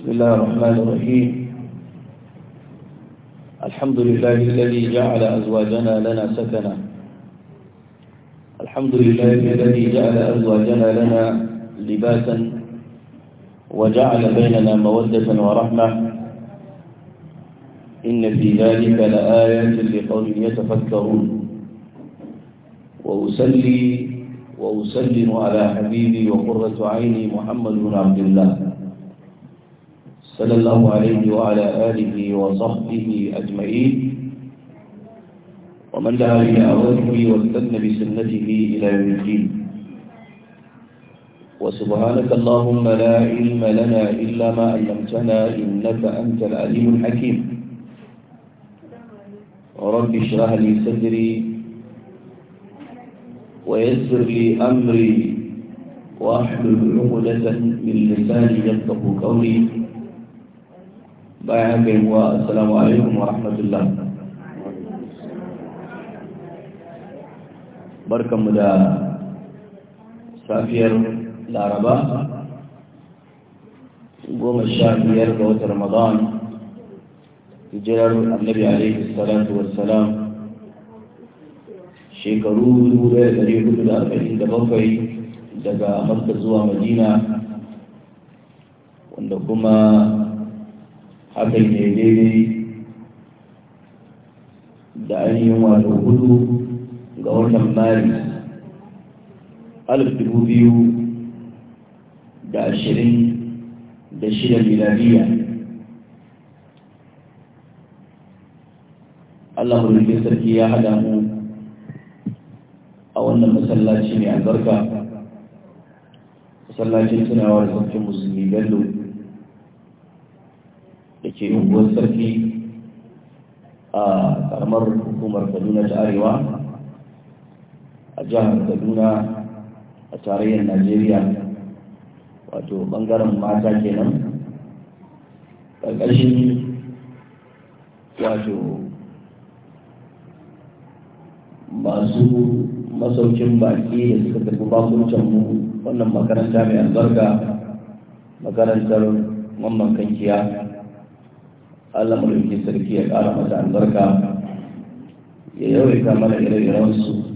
بسم الله الرحمن الرحيم الحمد لله الذي جعل أزواجنا لنا سكنا الحمد لله الذي جعل أزواجنا لنا لباسا وجعل بيننا مودة ورحمة إن في ذلك لآيات لقوم يتفكرون وأسلي وأسلم على حبيبي وقرة عيني محمد بن عبد الله صلى الله عليه وعلى آله وصحبه أجمعين ومن دعا بدعوته واستنى بسنته إلى يوم الدين وسبحانك اللهم لا علم لنا إلا ما علمتنا إنك أنت العليم الحكيم رب اشرح لي صدري ويسر لي أمري واحلل عقدة من لساني يفقه قولي bayan haka yi wa assalamu alaikum wa rahmatullah barkanmu da safiyar laraba goma sha biyar ga watan ramadan hijirar annabi alaihi salatu wassalam shekaru 1447 daga makka zuwa madina wanda kuma hakan ne daidai da ainihin wato hudu ga watan maris alif dubu biyu da ashirin da shida miladiya Allah mulkin sarki ya hada mu a wannan masallaci mai albarka masallacin tunawa da sarkin musulmi bello ke unguwar sarki a karamar hukumar kaduna ta arewa a jihar kaduna a tarayyar najeriya wato bangaren mata kenan ƙarƙashin wato masu masaukin baki da suka tafi bakuncin mu wannan makaranta mai albarka makarantar mamman kankiya Allah mulki sarki ya kara mata albarka ya yawaita mana ire-iren su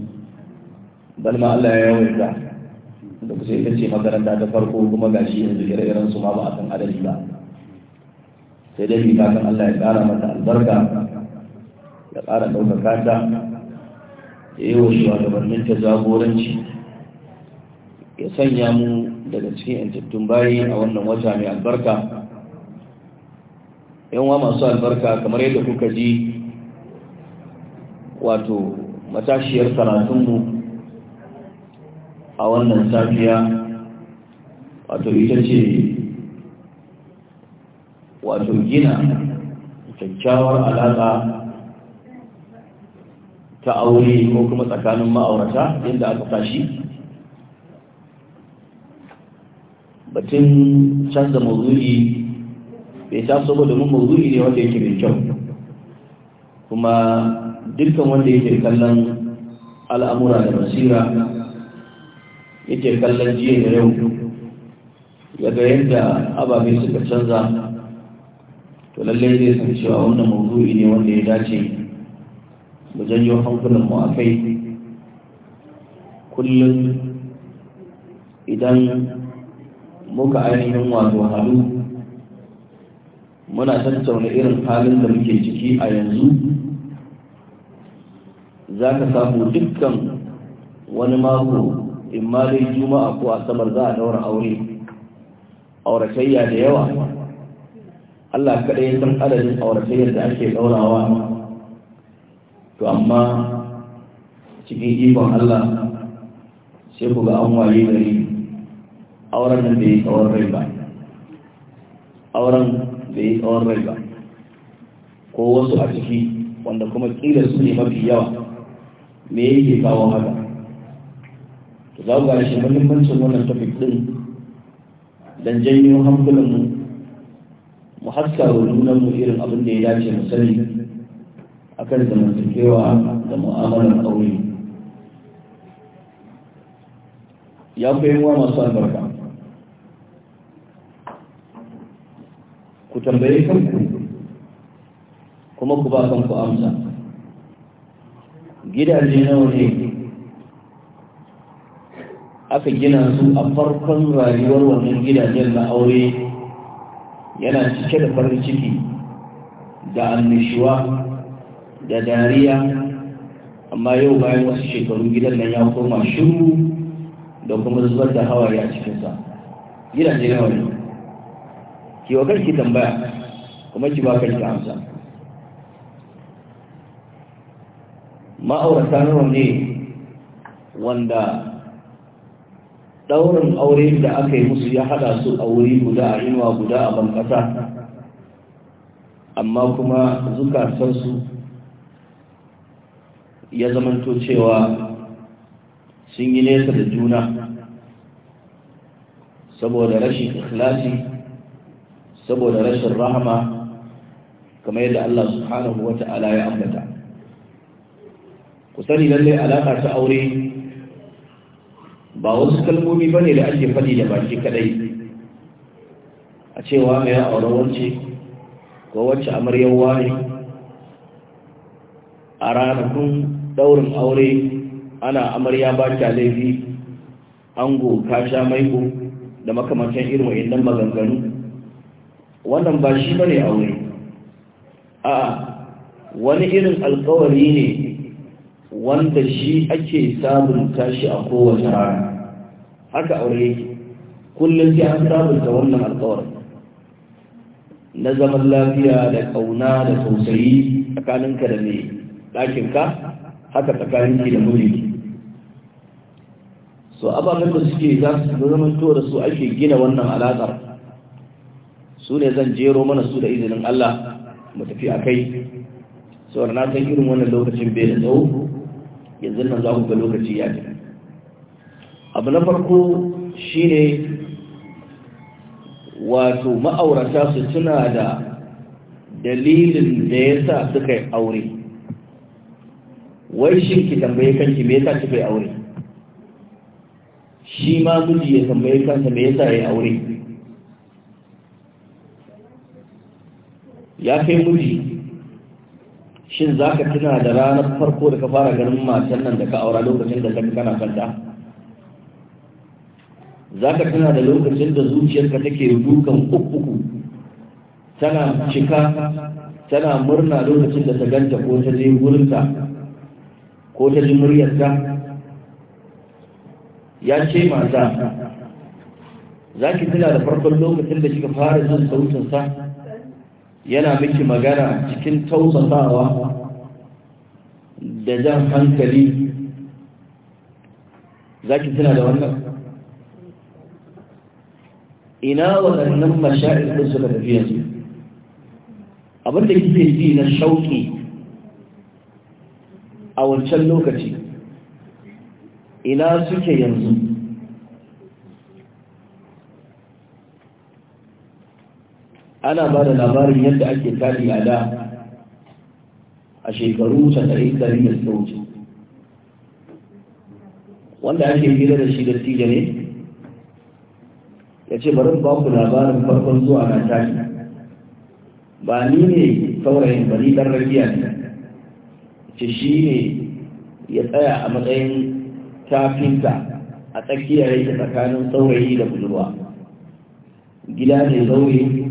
bal ma Allah ya yawaita da kusa ita ce makaranta ta farko kuma gashi yanzu ire-iren su ma ba a san adadi ba sai dai bukatan Allah ya kara mata albarka ya kara ɗaukaka ta ya yi wa shugabannin ta jagoranci ya sanya mu daga cikin yantattun bayi a wannan wata mai albarka yanwa masu albarka kamar yadda kuka ji wato matashiyar karatunmu a wannan safiya wato ita ce wato gina kyakkyawar alaƙa ta aure ko kuma tsakanin ma'aurata yadda aka tashi batun canza mazuri bai taso ba domin mawuzi ne wanda yake mai kyau kuma dukkan wanda yake kallon al'amura da basira yake kallon jiya da yau daga yadda ababe suka canza to lallai zai san cewa wannan mawuzi ne wanda ya dace mu janyo mu a kai kullum idan muka ainihin wato halu muna tattauna irin halin da muke ciki a yanzu za ka samu dukkan wani mako in ma dai juma'a ko asabar za a daura aure auratayya da yawa Allah kaɗai san adadin auratayyar da ake ɗaunawa. to amma cikin ikon Allah sai ku ga an waye gari auren nan bai tsawon rai ba auren da yi tsawon rai ba ko wasu a ciki wanda kuma kila su ne mafi yawa me yake kawo haka to za ku gane shi muhimmancin wannan tafi ɗin? dan janyo hankulan mu mu haska wa mu irin abin da ya dace mu sani akan zamantakewa da mu'amalar aure ya koyi wa masu albarka ku tambaye kanku kuma ku ba kanku amsa gidaje nawa ne aka gina su a farkon rayuwar wannan gidajen na aure yana cike da farin ciki da annishuwa da dariya amma yau bayan wasu shekaru gidan nan ya koma shiru da kuma zubar da hawaye a cikinsa gidaje nawa ne ki wa kanki tambaya kuma ki ba kanki amsa ma'aurata nawa ne wanda daurin aure da aka yi musu ya hada su a wuri guda a inuwa guda a bankasa amma kuma zukatansu ya zamanto cewa sun yi nesa da juna saboda rashin ikhlasi saboda rashin rahama kamar yadda Allah subhanahu wa ta'ala ya ambata ku sani lalle alaka ta aure ba wasu kalmomi ba ne da ake faɗi da baki kadai a cewa mai aure wance ko wacce amaryar ne a ranakun ɗaurin aure ana amarya ba ta laifi ango kasha maiko da makamantan irin wa'annan maganganu wannan ba shi bane aure a wani irin alkawari ne wanda shi ake samun tashi a kowace rana haka aure yake kullum sai an sabunta wannan alkawarin na zaman lafiya da kauna da tausayi tsakaninka da mai ɗakinka haka tsakaninki da mulki so ababen da suke za su zama to da su ake gina wannan alaƙar su ne zan jero mana su da izinin Allah mu tafi a kai sauwar na san irin wannan lokacin bai da tsawo yanzu nan za ku ga lokaci ya ce abu na farko shi ne wato ma'aurata su tuna da dalilin da ya sa suka yi aure wai shi ki tambaye kanki me yasa kika yi aure shi ma miji ya tambaye kansa me yasa ya yi aure ya kai muji shin za ka tuna da ranar farko da ka fara ganin matan nan da ka aura lokacin da kan kana kanta za ka tuna da lokacin da zuciyarka take dukan uku tana cika tana murna lokacin da ta ganta ko ta je wurinta ko ta ji muryarta ya ce mata za ki tuna da farkon lokacin da kika fara jin sautinsa yana miki magana cikin tausasawa da jan hankali za ki tuna da wannan ina waɗannan mashaɗin da suka tafi yanzu abinda kike ji na shauƙi a wancan lokaci ina suke yanzu ana ba da labarin yadda ake tali a da a shekaru 90 da suka wuce wanda ake gida da shi da tijan ne ya ce bari ba ku labarin farkon zuwa na tashi ba ni ne saurayin ba ni ɗan ne ce shi ne ya tsaya a matsayin tafinta a tsakiyar yake tsakanin saurayi da budurwa gida ne zaure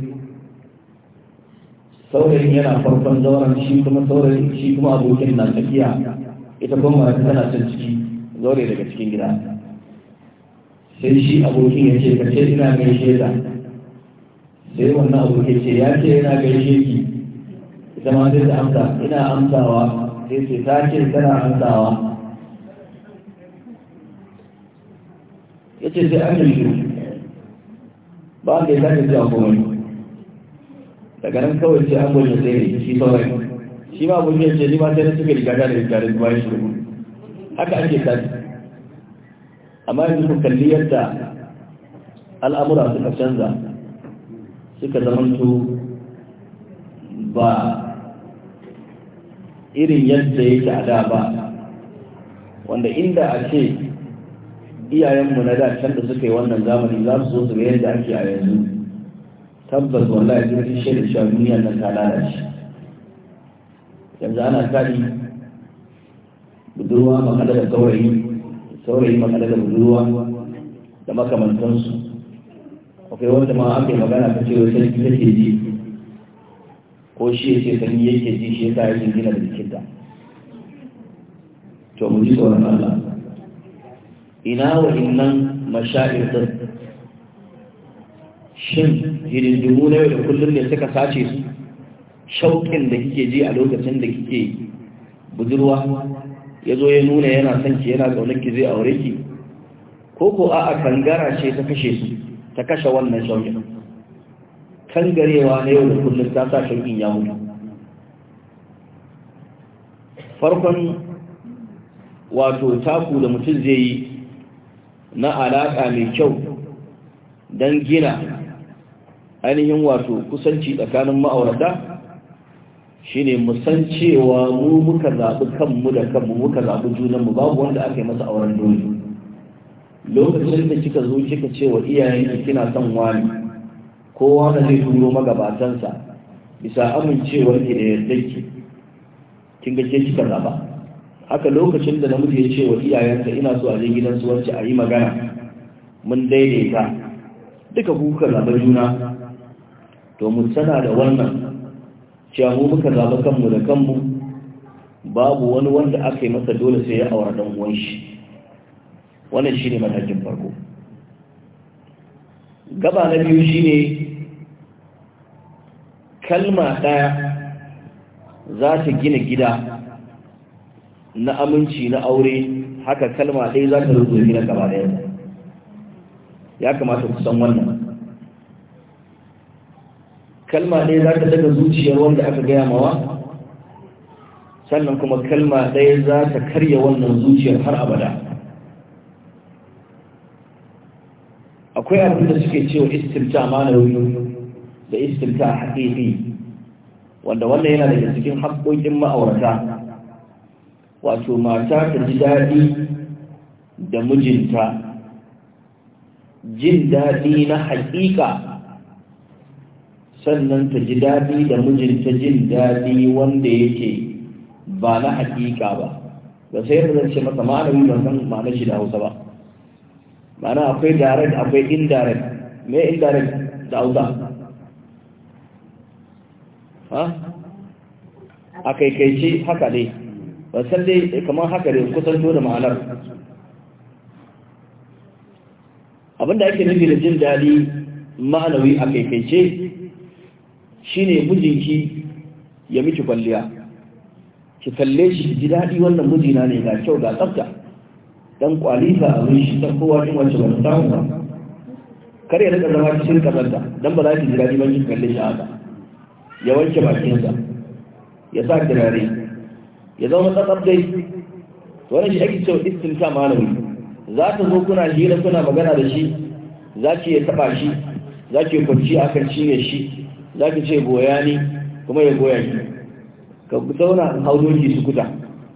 saurayin yana farkon zauren shi kuma saurayin shi kuma abokin na tafiya ita kuma marata tana can ciki zaure daga cikin gida sai shi abokin ya ce ka ce ina gaishe ta. sai wannan abokin ce ya ce yana gaishe ki ita ma zai ta amsa ina amsawa sai ce ta ce tana amsawa ya ce sai an yi ba ka yi ta ce a komai daga nan kawai sai an gwajin sai ne shi sauran shi ma abin ce ni ma sai na suka riga da riga da bayan shi haka ake tafi amma yanzu ku kalli yadda al'amura suka canza suka zamanto ba irin yadda yake a da ba wanda inda a ce iyayenmu na da can da suka yi wannan zamani za su zo su ga yadda ake a yanzu tabbas wallahi jirgin shirin sha duniya nan ta lalace yanzu ana tsari budurwa makala da saurayi saurayi makala da budurwa da makamantansu akwai wanda ma aka yi magana ta ce wata ita ke ji ko shi ya ce Sani yake ji shi ya sa yake gina da jikinta to mu ji tsoron Allah ina wa innan mashair din shin hidindimu na yau da kullum ne suka sace su shauƙin da kike ji a lokacin da kike budurwa ya zo ya nuna yana son ki yana ƙaunar ki zai aure ki ko ko a kangara ce ta kashe su ta kashe wannan shauƙin kangarewa na yau da kullum ta sa shauƙin ya mutu farkon wato taku da mutum zai yi na alaƙa mai kyau don gina ainihin wato kusanci tsakanin ma'aurata shi ne cewa mu muka zaɓi kanmu da kanmu muka zaɓi junanmu babu wanda aka yi masa auren dole lokacin da kika zo kika ce wa iyayenki kina son wani kowa na zai turo magabatansa bisa amincewar ki da yardarki kin ga ke kika zaɓa haka lokacin da namiji ya ce wa iyayensa ina so a je gidan su wacce a yi magana mun daidaita duka kuka zaɓa juna domin tana da wannan cewa mu muka zama kanmu da kanmu babu wani wanda aka yi masa dole sai ya aure dan uwan shi wannan shine matakin farko gaba na biyu shine kalma ɗaya za ta gina gida na aminci na aure haka kalma ɗaya za ta rubuta gina gaba daya ya kamata ku san wannan kalma ɗaya za ta daga zuciyar wanda aka gaya mawa sannan kuma kalma ɗaya za ta karya wannan zuciyar har abada akwai abin da suke cewa istimta ma'anawi da istimta haƙiƙi wanda wannan yana daga cikin haƙoƙin ma'aurata wato mata ta ji daɗi da mijinta jin daɗi na haƙiƙa sannan ta ji daɗi da mijinta jin daɗi wanda yake ba na haƙiƙa ba ba sai yadda zan ce masa malami ba san ma'ana shi da hausa ba ma'ana akwai direct akwai indirect me indirect da hausa ha a kaikaice haka ne ba san dai kamar haka ne kusan da ma'anar abinda ake nufi da jin daɗi ma'anawi a kaikaice Shi ne mijinki ya miki kwalliya ki kalle shi ki ji daɗi wannan mijina ne ga kyau ga tsafta dan kwalisa a wurin shi ta kowa cin wacce wani samun samu ba kar ya rika zama cikin kazanta don ba za ki ji daɗi ba ki kalle shi haka ya wanke bakinsa ya sa kirare ya zama tsatsar dai wani shi ake cewa istinta malami za ta zo kuna hira kuna magana da shi za ki ya taɓa shi za ki kwanci akan cinye shi za ki ce goya ni kuma ya goya ki ka zauna hau doki su kuta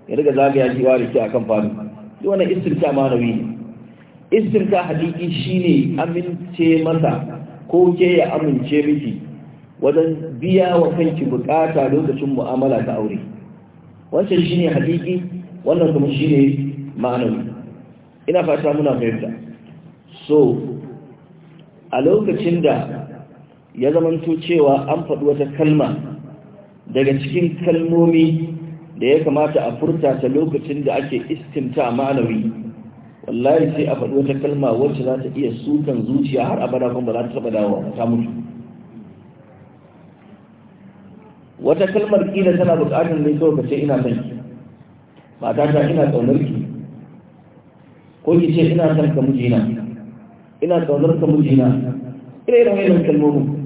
ya daga zagaya shi wa a akan faru yi wannan istirka manawi ne istirka hakiki shine amince masa ko ke ya amince miki wajen biya wa kanki bukata lokacin mu'amala ta aure wancan shi ne hakiki wannan kuma ne ma'anawi ina fata muna fahimta so a lokacin da ya zamanto cewa an faɗi wata kalma daga cikin kalmomi da ya kamata a furta ta lokacin da ake istimta ma'anawi wallahi sai a faɗi wata kalma wacce za ta iya sukan zuciya har abada kuma ba za ta taɓa dawowa ta mutu wata kalmar kila tana buƙatar ne kawai kace ina son ki mata ta ina ƙaunar ki ko ki ce ina son ka mijina ina ƙaunar ka mijina ire iren wannan kalmomin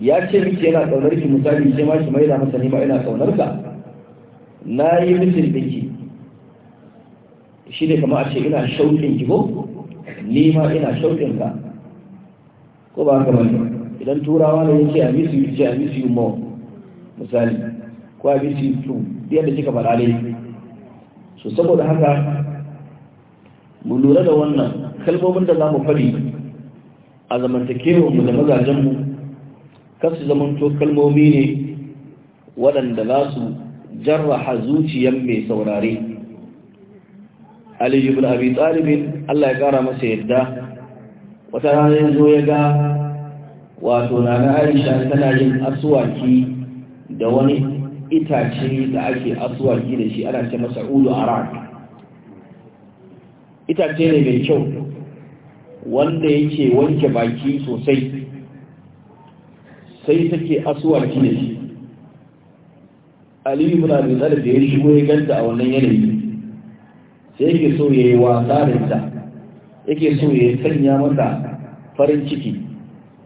ya ce miki yana ƙaunar ki misali ce ma ki maida masa ni ma ina ƙaunar ka na yi mijin da ki shi ne kama a ce ina shauƙin ki ko ni ma ina shauƙin ka ko ba haka bane idan turawa ne yake a misu yace a misu mo misali ko a misu tu da kika faɗa ne so saboda haka mu lura da wannan kalmomin da za mu faɗi a zamantakewa mu da mazajenmu mu kar su zamanto kalmomi ne waɗanda za su jarraha zuciyan mai saurare Ali bin abi talibin allah ya kara masa yadda wata rana ya ya ga wato na na aisha tana yin asuwaki da wani itace da ake asuwaki da shi ana ce masa ulu arak itace ne mai kyau wanda yake wanke baki sosai sai take asuwar da shi aliyu muna da talib da ya shigo ya ganta a wannan yanayi sai yake so yayi wasa da ita yake so ya sanya mata farin ciki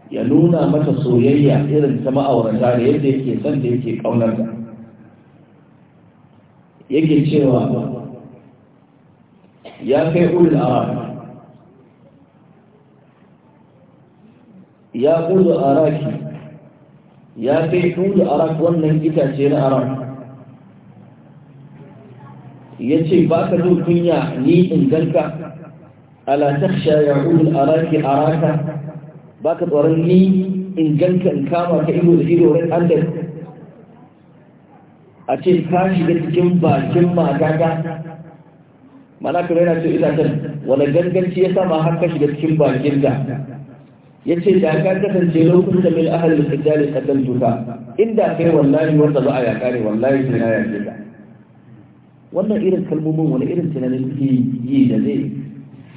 ya nuna mata soyayya irin ta ma'aurata da yadda yake son da yake kaunar da yake cewa ya kai ulul arab ya ulul araki ya kai tulu arak wannan itace na arak ya ce ba ka zo kunya ni in ganka ala taksha ya ƙudul araki araka ba ka tsoron ni in ganka in kama ka ilo da ido wani an a ce ka shiga cikin bakin matata mana kuma yana ce itacen wani ganganci ya sama haka shi shiga cikin bakin da yace da ka kasance lokacin da mil ka qitali duka inda kai wallahi wanda ba a ya kare wallahi sai na yake ka wannan irin kalmomin wani irin tunanin ke yi da zai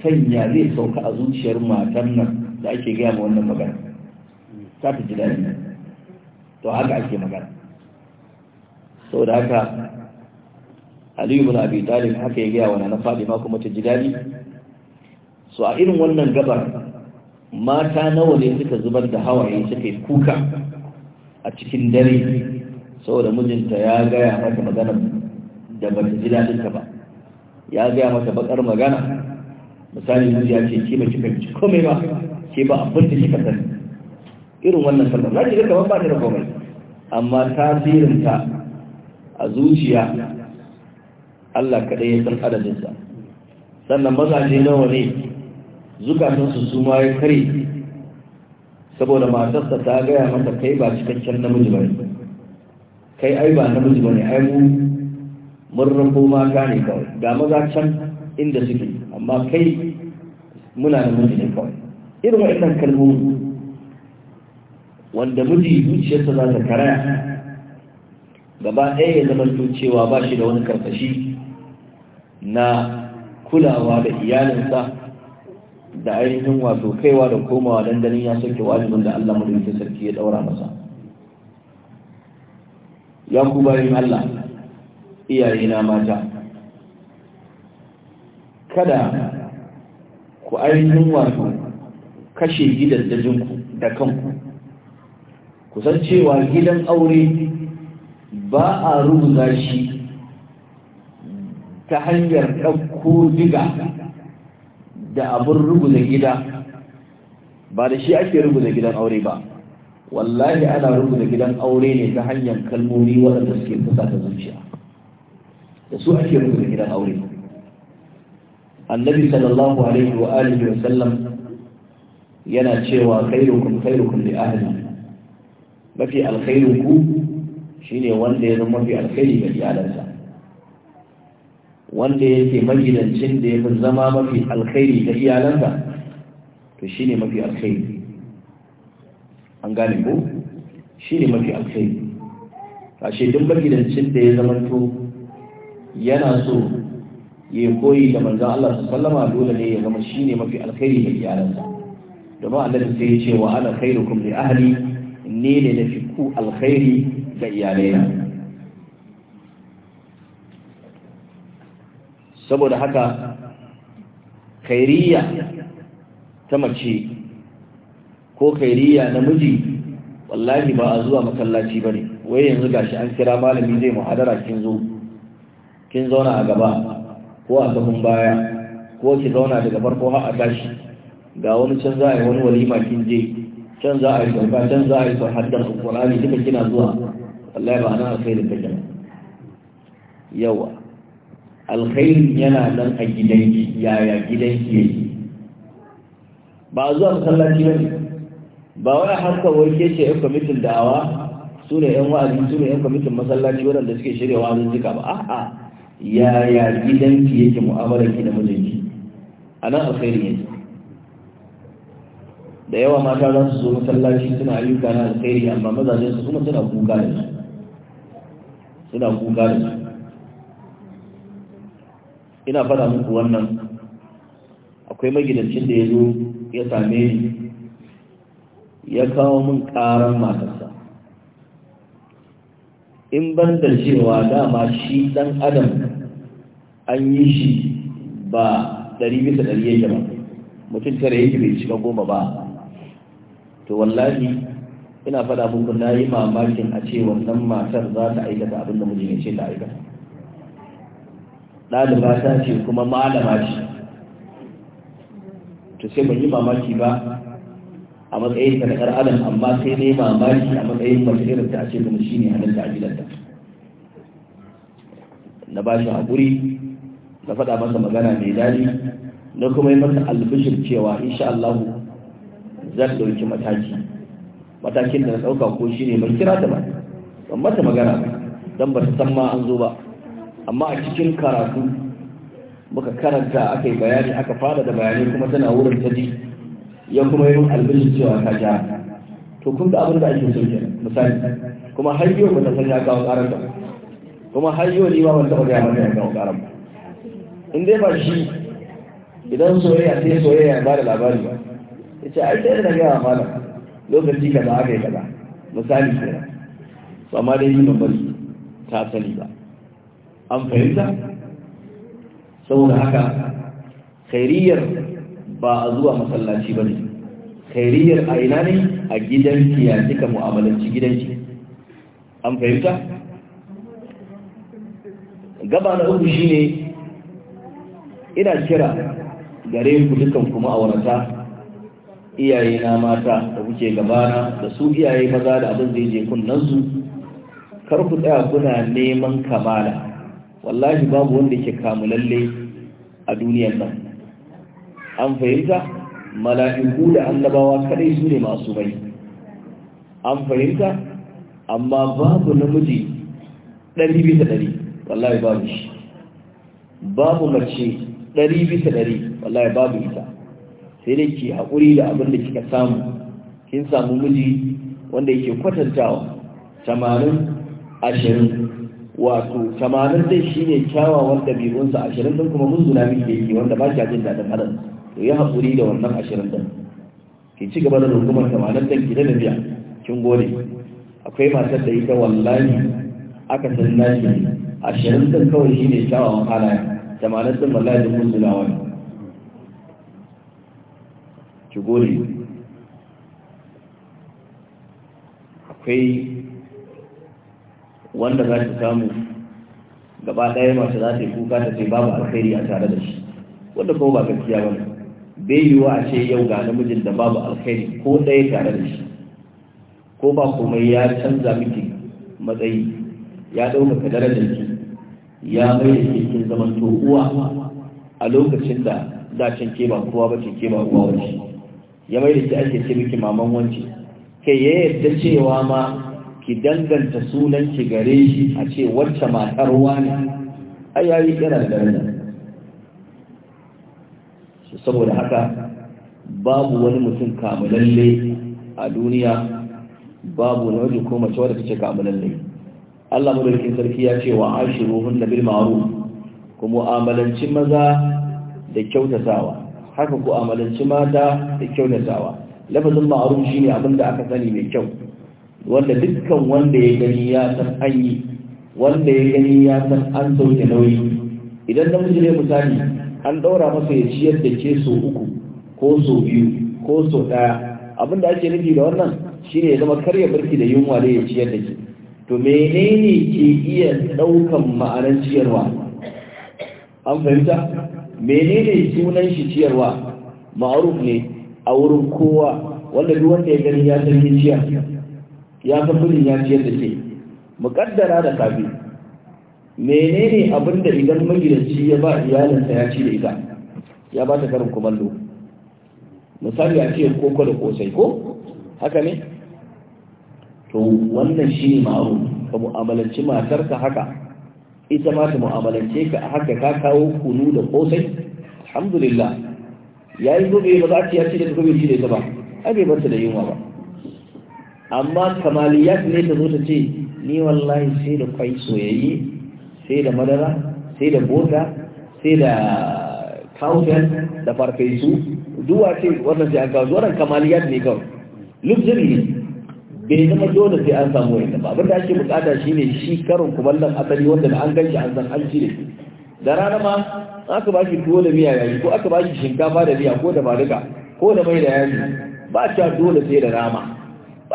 sanya zai sauka a zuciyar matan nan da ake gaya ma wannan magana ta ta ji daɗi to haka ake magana saboda haka aliyu bin abi talib haka ya gaya wa na fadi kuma ta ji daɗi so a irin wannan gabar mata nawa ne suka zubar da hawaye suka yi kuka a cikin dare saboda mijinta ya gaya mata magana da ba ta ji daɗinta ba ya gaya mata bakar magana misali yanzu ya ce ki ba ki ci komai ba ki ba abin da kika sani irin wannan sallar za ki ga ba ta da komai amma tasirinta a zuciya Allah kaɗai ya san adadinsa sannan mazaje nawa ne zukatansu su ma ya kare saboda matarsa ta gaya masa kai ba cikakken namiji ba kai ai ba namiji ba ne ai mu mun rabu mata ne kawai ga maza can inda suke amma kai muna namiji ne kawai irin waɗannan kalmomi wanda miji zuciyarsa za ta karaya gaba ɗaya ya zama cewa ba shi da wani karkashi na kulawa da iyalinsa da ainihin wato kaiwa da komawa dandanin ya sauke wajibin da Allah madaukakin sarki ya daura masa ya ku bayin Allah iyaye na mata kada ku ainihin wato kashe gidan ku da kanku ku san cewa gidan aure ba a rubuta shi ta hanyar ɗauko diga da abin rubuta gida ba da shi ake rubuta gidan aure ba wallahi ana rubuta gidan aure ne ta hanyar kalmomi waɗanda suke kusa ta zuciya da su ake rubuta gidan aure annabi sallallahu alaihi wa alihi wa sallam yana cewa khairukum khairukum li ahli mafi alkhairuku shine wanda ya zama mafi alkhairi ga iyalansa wanda yake magidancin da ya fi zama mafi alkhairi ga iyalanka, to shi ne mafi alkhairi an gane ko shi ne mafi alkhairi ashe duk magidancin da ya zamanto yana so ya koyi da manzan Allah su sallama dole ne ya zama shi ne mafi alkhairi ga iyalanka. domin annabi sai ya ce wa ana khairukum li ahli ni ne na fi ku alkhairi ga iyalaina saboda haka kairiya ta mace ko khairiyya namiji wallahi ba a zuwa masallaci ba ne. wai yanzu gashi an kira malami zai muhadara kin zo kin zauna a gaba ko a gaban baya ko ki zauna daga farko har a tashi ga wani can za a yi wani walima kin je can za a yi sauka can za a yi sauhaddar alkurani duka kina zuwa wallahi ba a nan da take yawa alkhairi yana nan a gidanki yaya gidanki yake ba zuwa masallaci ba ne ba wani wai warke ce yan kwamitin da'awa su ne yan wa'azi su ne yan kwamitin masallaci waɗanda suke shirya wa'azin zika ba a'a yaya gidanki yake mu'amalar ki da mijinki a nan alkhairin yake da yawa mata za su zo masallaci suna ayyuka na alkhairi amma mazajen su kuma suna kuka da su suna kuka da su ina fada muku wannan akwai magidancin da ya zo ya same ni ya kawo min ƙaran matarsa in ban da cewa dama shi ɗan adam an yi shi ba ɗari bisa ɗari yake ba mutum tare yake bai shiga goma ba to wallahi ina fada muku na yi mamakin a ce wannan matar za ta aikata abinda da ya ce ta aikata ɗaliba ta ce kuma malama ce to sai ban yi mamaki ba a matsayin ta na adam amma sai ne mamaki a matsayin mace irin ta ce kuma ne halitta da gidanta. na ba shi haƙuri na faɗa masa magana mai daɗi na kuma yi masa albishir cewa insha Allah zan ɗauki mataki matakin da na ɗauka ko shi ne mai kira ta ba ban mata magana don ba ta san ma an zo ba amma a cikin karatu muka karanta aka yi bayani aka fada da bayani kuma tana wurin ta ji ya kuma yi albishin cewa ta ja to kun ga abin da ake so ke misali kuma har yau ba ta san ya kawo karar ba kuma har yau ni ma ban taɓa gaya mata ya kawo karar ba in dai ba shi idan soyayya sai soyayya ba da labari ba ya ce ai sai da gaya malam lokaci kaza aka yi kaza misali kenan to amma dai yi ban bari ta sani ba an fahimta saboda haka khairiyar ba a zuwa masallaci ba ne khairiyar a ina ne a gidan ya cika mu'amalanci ki? an fahimta gaba na uku shine ina kira gare ku dukan kuma aurata iyaye na mata da kuke gabana da su iyaye maza da abin da yake kunnansu kar ku tsaya kuna neman kamala wallahi babu wanda ke lalle a duniyar nan an fahimta mala'iku da annabawa kadai su ne masu bai an fahimta amma babu namiji ɗari bisa ɗari wallahi babu shi babu mace ɗari bisa ɗari wallahi babu ita sai dai ke haƙuri da abin da kika samu kin samu miji wanda yake kwatantawa tamanin ashirin wato kamar zai shi ne kyawawan ɗabi'unsa ashirin ɗin kuma munzuna miki yake wanda ba kya jin daɗin adam to ya hakuri da wannan ashirin ɗin ki ci gaba da hukumar kamar dan ki da biya kin gode akwai matar da ita wallahi aka san nashi ashirin ɗin kawai shi ne kyawawan halaye kamar dan wallahi da munzuna wani ki gode akwai wanda za ta samu gaba ɗaya masu za ta yi kuka ta ce babu alkhairi a tare da shi wanda kuma ba gaskiya ba bai wa a ce yau ga namijin da babu alkhairi ko ɗaya tare da shi ko ba komai ya canza miki matsayi ya ɗaukaka darajar ki ya mai da ke kin zaman to uwa a lokacin da can ke ba kowa ba ce ke ba uwa wani ya mai da ke ake ce miki maman wanci kai ya yarda cewa ma ki danganta sunan ki gare shi a ce wacce matar wani ai yayi kira da nan saboda haka babu wani mutum lalle a duniya babu wani wajen ko mace wadda take lalle. Allah madaukakin sarki ya ce wa ashiruhun da bil ma'ruf ku mu'amalanci maza da kyautatawa haka ku amalanci mata da kyautatawa lafazin ma'ruf shine abinda aka sani mai kyau wanda dukkan wanda ya gani ya san an yi wanda ya gani ya san an sauke nauyi idan na mutu ne misali an ɗaura masa ya ciyar da ke so uku ko so biyu ko so ɗaya abin da ake nufi da wannan ne ya zama karya barki da yunwa da ya ciyar da ke to menene ke iya ɗaukan ma'anar ciyarwa an fahimta menene sunan shi ciyarwa ma'aruf ne a wurin kowa wanda duk wanda ya gani ya san ciyar ya san mijin ya ciyar da ke muƙaddara da safe menene abin da idan magidanci ya ba iyalinsa ya ci da ita ya ba ta karin kumallo misali a ce koko da kosai ko haka ne to wannan shi ne ma'aru ka mu'amalanci matar ka haka ita ma ta mu'amalance ka haka ka kawo kunu da kosai alhamdulillah ya yi zobe ba za a ci ya ci da ta zobe shi da ita ba ai bai barta da yunwa ba amma kamaliyat ne ta zo ta ce ni wallahi sai da kwai soyayye sai da madara sai da bota sai da kawutar da farfesu duwa ce wannan sai an kawo zuwa kamaliyat ne kawai luxury ne bai zama dole sai an samu wani ba abinda ake bukata ne shi karin kumallon asali wanda da an ganci an san an cire da rana ma aka ba shi tuwo da miya yayi ko aka ba shi shinkafa da miya ko da ba ko da mai da yaji ba ta dole sai da rama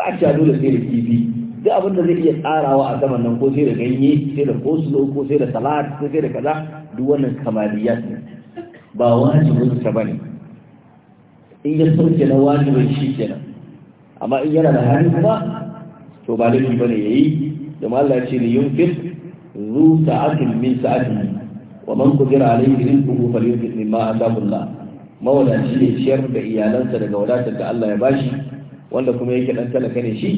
ba a cewa da sai da kifi duk abin da zai iya tsarawa a zaman nan ko sai da ganye sai da kosulo ko sai da salat ko sai da kaza duk wannan kamaliyat ne ba wajibin sa bane in ya sauke na wajibin shi kenan amma in yana da hali kuma to ba laifi bane yayi da Allah ya ce ni yunfik zu sa'atin min sa'atin wa man qadira alayhi rizquhu falyunfiq mimma ataahu Allah mawadaci ne ciyar da iyalansa daga wadatar da Allah ya bashi wanda kuma yake dan talaka ne shi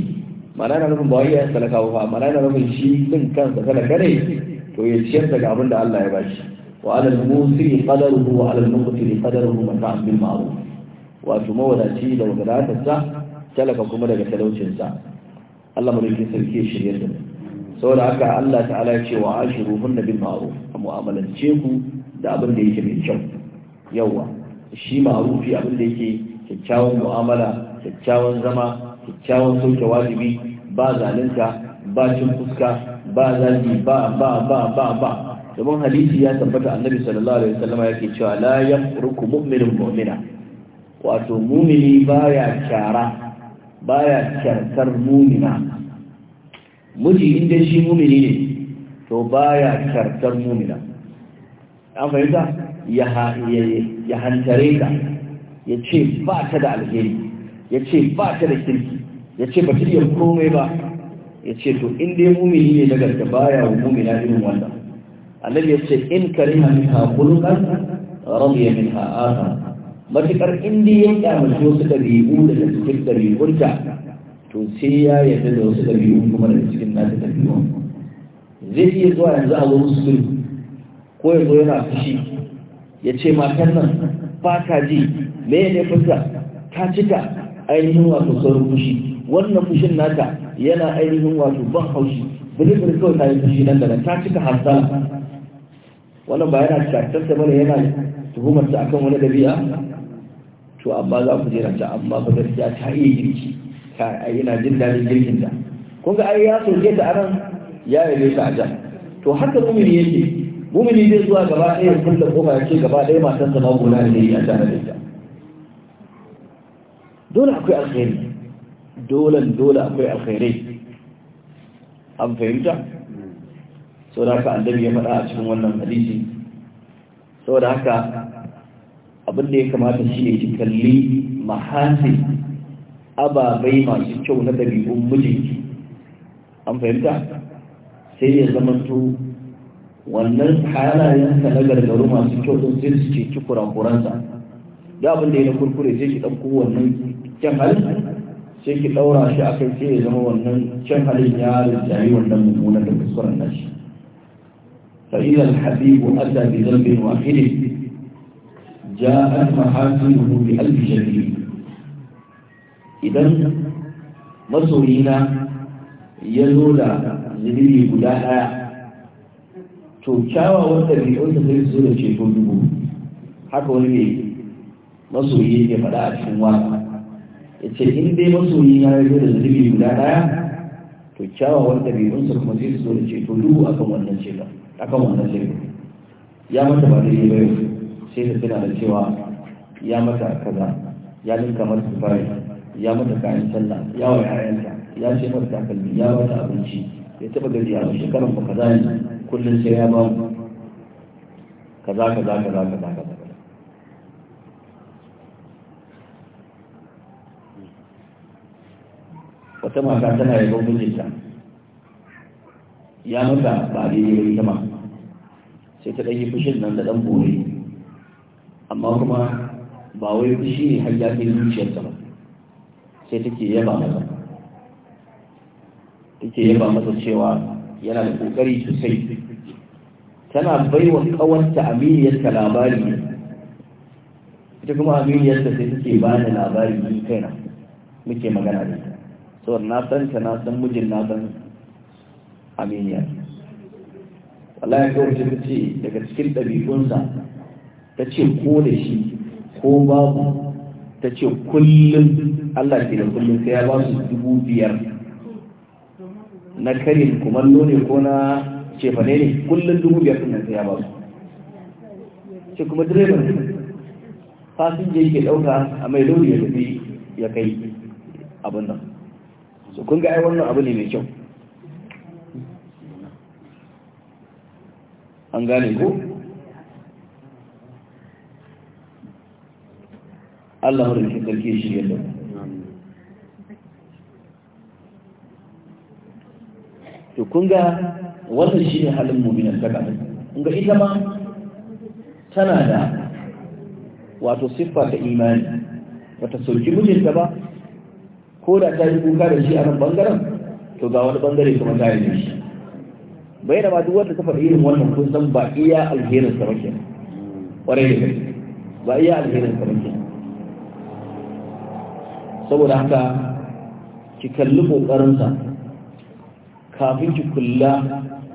mana na nufin ba wai ya talaka ba mana na nufin shi din kansa talaka ne to ya ciyar daga abin da Allah ya bashi wa alal musi qadaruhu wa alal muqtir qadaruhu mata'an bil ma'ruf wato mawadaci da wadatarsa talaka kuma daga talaucinsa Allah mulki sarki ya shirye da saboda haka Allah ta'ala ya ce wa ashiruhun bil ma'ruf mu'amalance ku da abin da yake mai kyau yawa shi ma'rufi abin da yake kyakkyawan mu'amala kyakkyawan zama kyakkyawan soke wajibi ba zalunta ba cin fuska ba zagi ba ba ba ba ba domin hadisi ya tabbata annabi sallallahu alaihi wasallam yake cewa la yafruku mu'minun mu'mina wato mumini baya kyara baya kyartar mumina miji inda shi mumini ne to baya kyartar mumina an fahimta ya hantare ka ya ce ba ta da alheri ya ce ba ta da kirki ya ce ba ta iya komai ba ya ce to in dai mumini ne na gaske baya wa mumina irin wannan annabi ya ce in kariha minha qulqan min ha aha matukar in dai ya kyamace wasu da daga cikin dabi'unta to sai ya yarda da wasu dabi'u kuma daga cikin nasu dabi'u zai iya zuwa yanzu a wurin su ko ya zo yana fushi ya ce matan nan ba ta ji me ne fuska ta cika ainihin wato saurin fushi wannan fushin nata yana ainihin wato ban haushi ba zai fara kawai tayin fushi nan da nan ta cika hasala wannan ba yana da mana yana tuhumar ta akan wani dabi'a to amma za ku jira ta amma ba gaskiya ta iya girki ta yana jin dadin girkin da kun ga ai ya soke ta nan? ya yabe ta a can to haka mumini yake mumini zai zuwa gaba ɗaya kullum ba ya ce gaba ɗaya matarsa ma gona ne ya tare da ita dole akwai alkhairi dole dole akwai alkhairi an fahimta sau da haka annabi ya fada a cikin wannan hadisi sau da haka abin da ya kamata shi ne kalli mahasi ababai masu kyau na ɗabi'un mijinki an fahimta sai ya to wannan halayensa na gargaru masu kyau don sai su ce ki kurakuransa da abin da ya na kurkure sai shi ɗan wannan kyan halin sai ki ɗaura shi a kai sai ya zama wannan kyan halin ya rinjayi wannan mummunan da kuskuren nashi فإذا الحبيب أتى بذنب واحد mu محاسنه بألف جميل Idan masoyina ya zo da zunubi guda ɗaya to kyawawan ɗabi'unsa zai zo da ceto dubu haka wani ne masoyi ya faɗa a cikin waka yace ce in dai masoyi ya rage da zubi guda ɗaya to kyawawan ɗabi'unsa kuma zai zo da ceto duhu akan wannan ceto akan wannan ceto ya mata ba daidai ba sai ta tana da cewa ya mata kaza ya ninka su tufari ya mata kayan sallah ya wa yayanta ya ce mata takalmi ya mata abinci ya taba gaji a shekaran ba kaza ne kullum sai ya ba kaza kaza kaza kaza kaza wata mata tana yabon mijinta ya mata ba a daidai da ita ma sai ta ɗanyi fushin nan da ɗan bore amma kuma ba wai fushi ne har ya kai zuciyarta ba sai take yaba masa take yaba mata cewa yana da kokari sosai tana baiwa ƙawarta aminiyarta labari ita kuma aminiyarta sai take ba da labari ni kaina muke magana da ita saboda na san ta na san mijin na san aminiya wallahi ko ta ce daga cikin ɗabi'unsa ta ce ko da shi ko babu ta ce kullum Allah ke da kullum sai ya ba su dubu biyar na karin kumallo ne ko na cefane ne kullum dubu biyar sun sai ya ba su ce kuma direban fasinja ke ɗauka a mai lauri ya tafi ya kai abin nan so kun ga ai wannan abu ne mai kyau an gane ku? Allah marubucin sarki shi ya sauka to kun ga wannan shi ne halin muminan ta ƙasa kun ga ita ma tana da wato siffa ta imani wata sauki mijinta ba ko da ta yi kuka da shi a nan bangaren to ga wani bangare kuma ta yi shi bai da ba duk wanda ta faɗi irin wannan kun san ba iya alherin sa bakin ƙwarai da kai ba iya alherin sa bakin saboda haka ki kalli ƙoƙarinsa kafin ki kula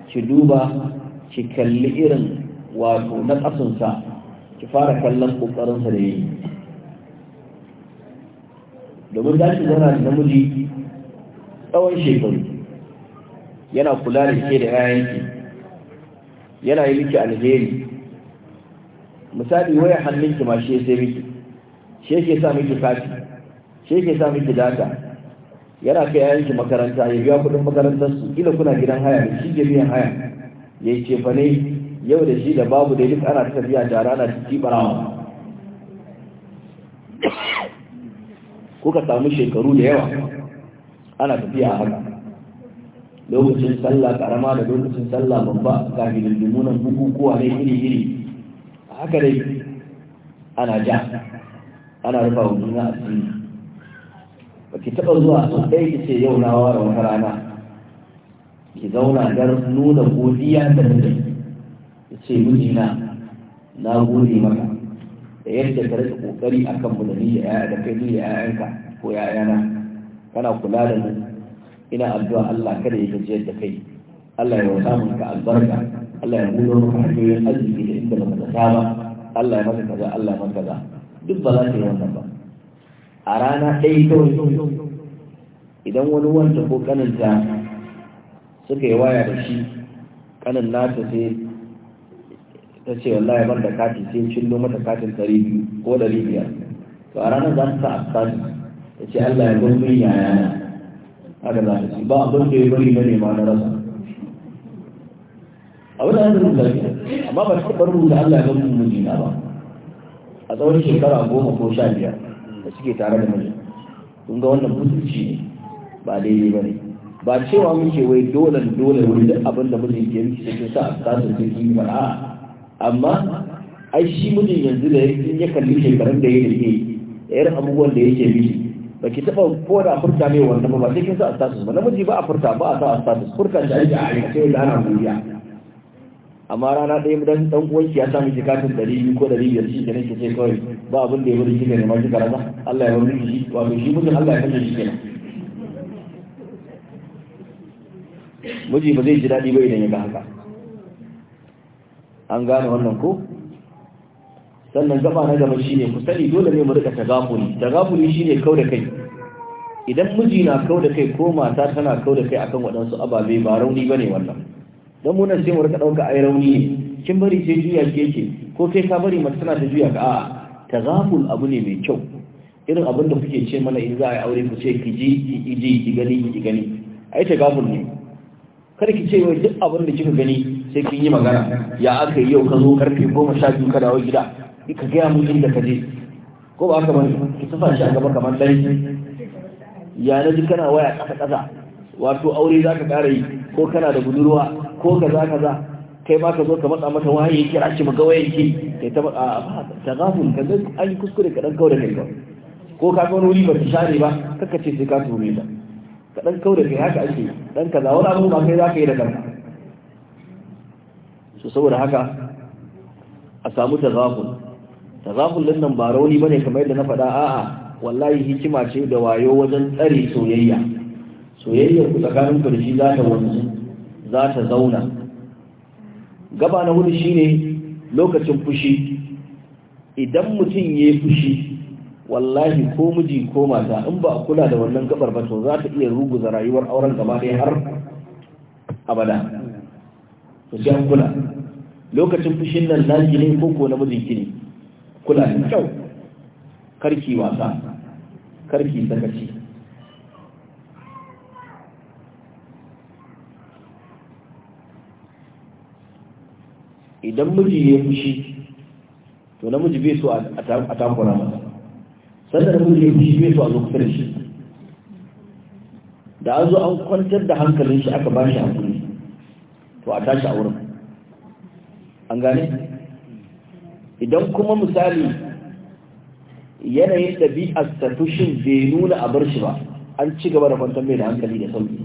ki duba ki kalli irin wato na ƙasunsa ki fara kallon ƙoƙarinsa da yi domin za yana da namiji tsawon shekaru yana kula da ke da yayanki yana yi miki alheri misali waya hannunki ma shi sai miki shi yake sa miki kati shi yake sa miki data yana kai yayanki makaranta ya biya kuɗin su, kila kuna gidan haya da shi ke haya ya yi cefane yau da shi da babu da duk ana tafiya tare ana ci barawa kuka samu shekaru da yawa ana tafiya haka lokacin sallah karama da lokacin sallah babba ga hidindimunan bukukuwa ne iri-iri haka dai ana ja ana rufa wa na asiri ba ki taɓa zuwa sun ɗaya ki ce yau na wara wata rana ki zauna gar nuna godiya da mutum ki ce mijina na gode maka da yadda ka rika kokari akan mu da ni da ƴaƴa da kai ni da ƴaƴanka ko ƴaƴana kana kula da mu ina addu'a Allah kada ya gajiyar da kai Allah ya wasa maka albarka Allah ya gudo maka hanyoyin arziki da inda baka tsaka ba Allah ya maka kaza Allah ya maka kaza duk ba za ta yi wannan ba a rana ɗaya kawai idan wani wanda ko kaninta suka yi waya da shi kanin nata sai ta ce wallahi ban da katin kati sai cillo ta katin ɗari biyu ko ɗari biyar to a ranar za ta sa asali ta ce Allah ya gurbi yaya na haka za ta ce ba abin da ya bari na nema na rasa abin da yanzu rubuta ke amma ba taɓa da Allah ya bar mun jina ba a tsawon shekara goma ko sha biyar da suke tare da mijin kun ga wannan mutunci ne ba daidai ba ne ba cewa muke wai dole dole wani da abin da mijin ke yi sai sa a tsarin sai yi ba a'a amma ai shi mutum yanzu da in ya kalli shekarun da ya rike yar abubuwan da yake miki ba ki taɓa ko da furta mai wannan ba sai kin sa a status ba namiji ba a furta ba a sa a status furta shi ake a aikace da ana godiya amma rana ɗaya dan dan uwanki ya sa miki katin ɗari biyu ko ɗari biyar shi da nake ce kawai ba abin da ya bari kika nema kika raza Allah ya bar miki shi wato shi mutum Allah ya kashe shi kenan miji ba zai ji daɗi ba idan ya ga haka an gane wannan ko sannan gaba na gaba shine ku sani dole ne mu rika tagafuli tagafuli shine kau da kai idan miji na kau da kai ko mata tana kau da kai akan waɗansu ababe ba rauni bane wannan dan mu nan sai mu rika dauka ai rauni ne kin bari sai juya keke ko kai ka bari mace tana da juya ka a'a tagaful abu ne mai kyau irin abin da kuke ce mana in za a yi aure ku ce ki ji ki ji ki gani ki gani ai tagaful ne kada ki ce wai duk abin da kika gani sai kun yi magana ya aka yi yau ka zo karfe goma sha biyu ka dawo gida ka gaya mu inda ka je ko ba ka bari ki tafa shi a gaba kamar dai ya na ji kana waya kasa kasa wato aure za ka ƙara yi ko kana da budurwa ko ka za kai ma ka zo ka matsa mata waye kira shi ba gawaye ki kai ta a ta gafun ka zai an yi kuskure ka dan kawo da kai ba ko ka gano wuri ba ta share ba kaka ce sai ka tume ta ka dan kawo da kai haka ake dan kaza wani abu ba kai ka yi da kanka so saboda haka a samu tazahul tazahul din nan ba rauni bane kamar yadda na faɗa a'a wallahi hikima ce da wayo wajen tsare soyayya soyayya ku tsakanin ku da shi za ta wanzu za ta zauna gaba na hudu shine lokacin fushi idan mutum ya yi fushi wallahi ko miji ko mata in ba a kula da wannan gabar ba to za ta iya ruguza rayuwar auren gaba ɗaya har abada to sai an kula lokacin fushin nan naki ne ko ko namijin ki ne kula da kyau karki wasa karki sakaci idan miji ya fushi to namiji bai so a takura masa sannan namiji ya fushi bai so a zo kusa da shi da an zo an kwantar da hankalin shi aka ba shi hankali to a tashi a wurin an gane idan kuma misali yanayin ɗabi'ar ta fushin bai nuna a bar shi ba an ci gaba da kwantar mai da hankali da sauki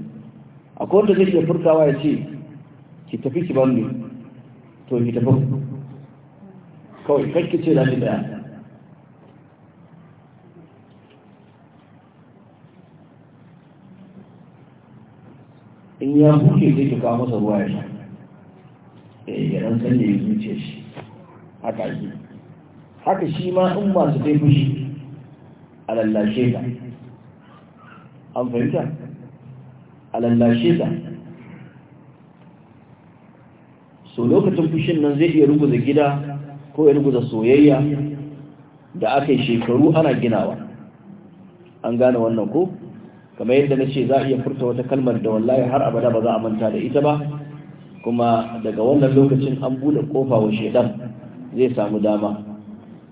a wanda zai iya furtawa ya ce ki tafi ki ban ne to ki tafi kawai kakki ce da ni daya in ya buke zai ki kawo masa ruwa ya sha Eh, ya rantsar da ya zuce shi haka shi ma in masu a lallashe ta. an fahimta a lallashe ta. so lokacin fushin nan zai iya ruguza gida ko ya ruguza soyayya da aka yi shekaru ana ginawa an gane wannan ko kamar yadda na ce za a iya furta wata kalmar da wallahi har abada ba za a manta da ita ba kuma daga wannan lokacin an buɗe kofa wa shaidan zai samu dama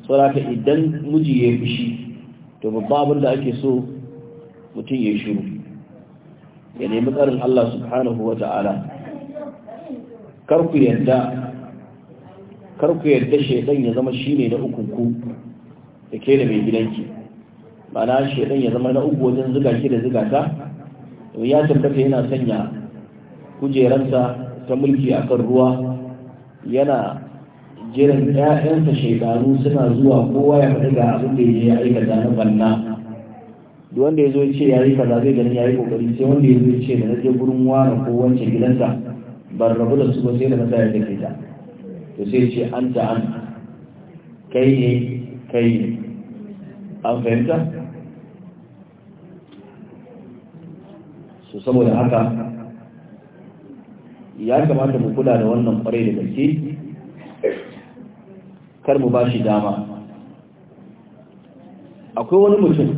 saboda idan miji ya fushi to babba da ake so mutum ya shiru ya nemi tsarin Allah subhanahu wa ta'ala kar ku yarda shaidan ya zama shine na uku da ke da mai gidanki mana shaidan ya zama na uku wajen zuga ki da zuga ta ya tabbata yana sanya kujeransa ta mulki a kan ruwa yana jiran ‘ya'yansa shaidanu suna zuwa kowa ya faɗi ga abin da ya yi aikata na banna duk wanda ya zo ce ya yi kaza zai gani ya yi kokari sai wanda ya zo ce da na je gurin wani ko wancan gidansa ban rabu da su ba sai da na sayar da ta to sai ce an ta an kai ne kai ne an fahimta su saboda haka ya kamata mu kula da wannan kwarai da gaske kar mu ba shi dama akwai wani mutum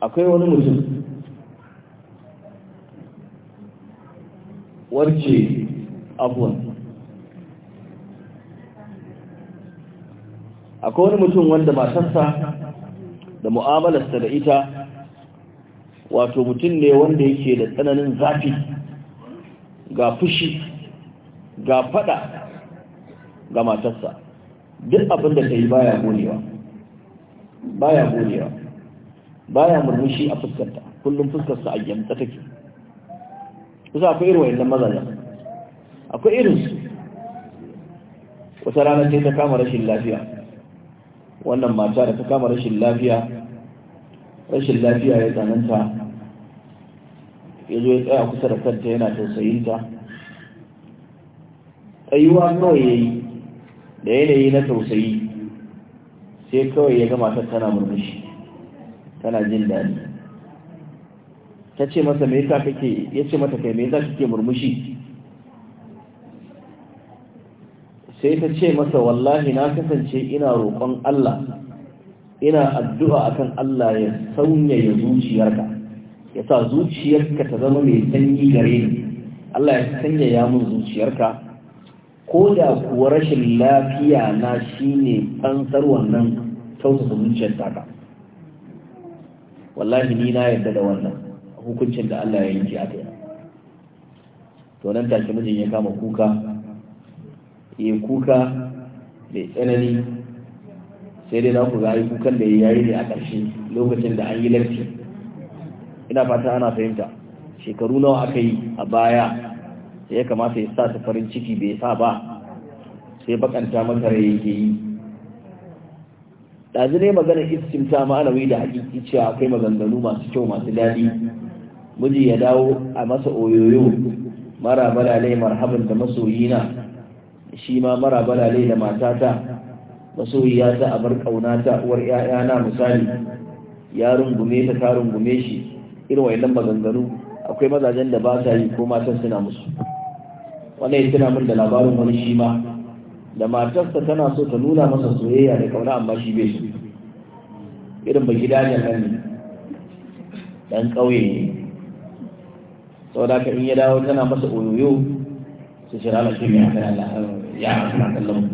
akwai wani mutum wacce abuwan akwai wani mutum wanda matarsa da mu'amalarsa da ita wato mutum ne wanda yake da tsananin zafi ga fushi ga fada ga matarsa duk abin da ta yi baya gonewa baya gonewa baya murmushi a fuskarta kullum fuskarsa a yamta take kusa akwai irin wayannan mazajen akwai irin su wata rana ce ta kama rashin lafiya wannan mata da ta kama rashin lafiya rashin lafiya ya tsananta ya zo ya tsaya kusa da kanta yana tausayin ta. tsayuwa kawai ya yi da yanayi na tausayi sai kawai ya gama ta tana murmushi tana jin daɗi ta ce masa me ta kake ya ce mata kai za yasa ke murmushi sai ta ce masa wallahi na kasance ina roƙon Allah ina addu'a akan Allah ya sauya ya zuciyarka ya sa zuciyarka ta zama mai sanyi gare ni Allah ya sanya ya mun zuciyarka ko da kuwa rashin lafiya na shine tsantsar wannan tausasa zuciyar taka wallahi ni na yarda da wannan hukuncin da Allah ya ji a kai to nan take mijin ya kama kuka ya kuka mai tsanani sai dai na ku ga kukan da ya yi ne a ƙarshe lokacin da an yi lafiya ina fata ana fahimta shekaru nawa aka yi a baya sai ya kamata ya sa ta farin ciki bai sa ba sai bakanta maka rai yake yi ɗazu ne maganar ta ma'anawi da hakiki cewa akwai maganganu masu kyau masu daɗi miji ya dawo a masa oyoyo mara balale marhaban da masoyina shi ma mara balale da matata masoyiya ta abar ta uwar 'ya'yana misali ya rungume ta ta rungume shi irin wayannan maganganu akwai mazajen da ba sa yi ko matan suna musu wannan ya tuna min da labarin wani shi ma da matarsa tana so ta nuna masa soyayya da kauna amma shi bai so irin ba gida ne nan dan ƙauye ne saboda ka in ya dawo tana masa oyoyo su shirya da shi mai hakan Allah ya suna kallon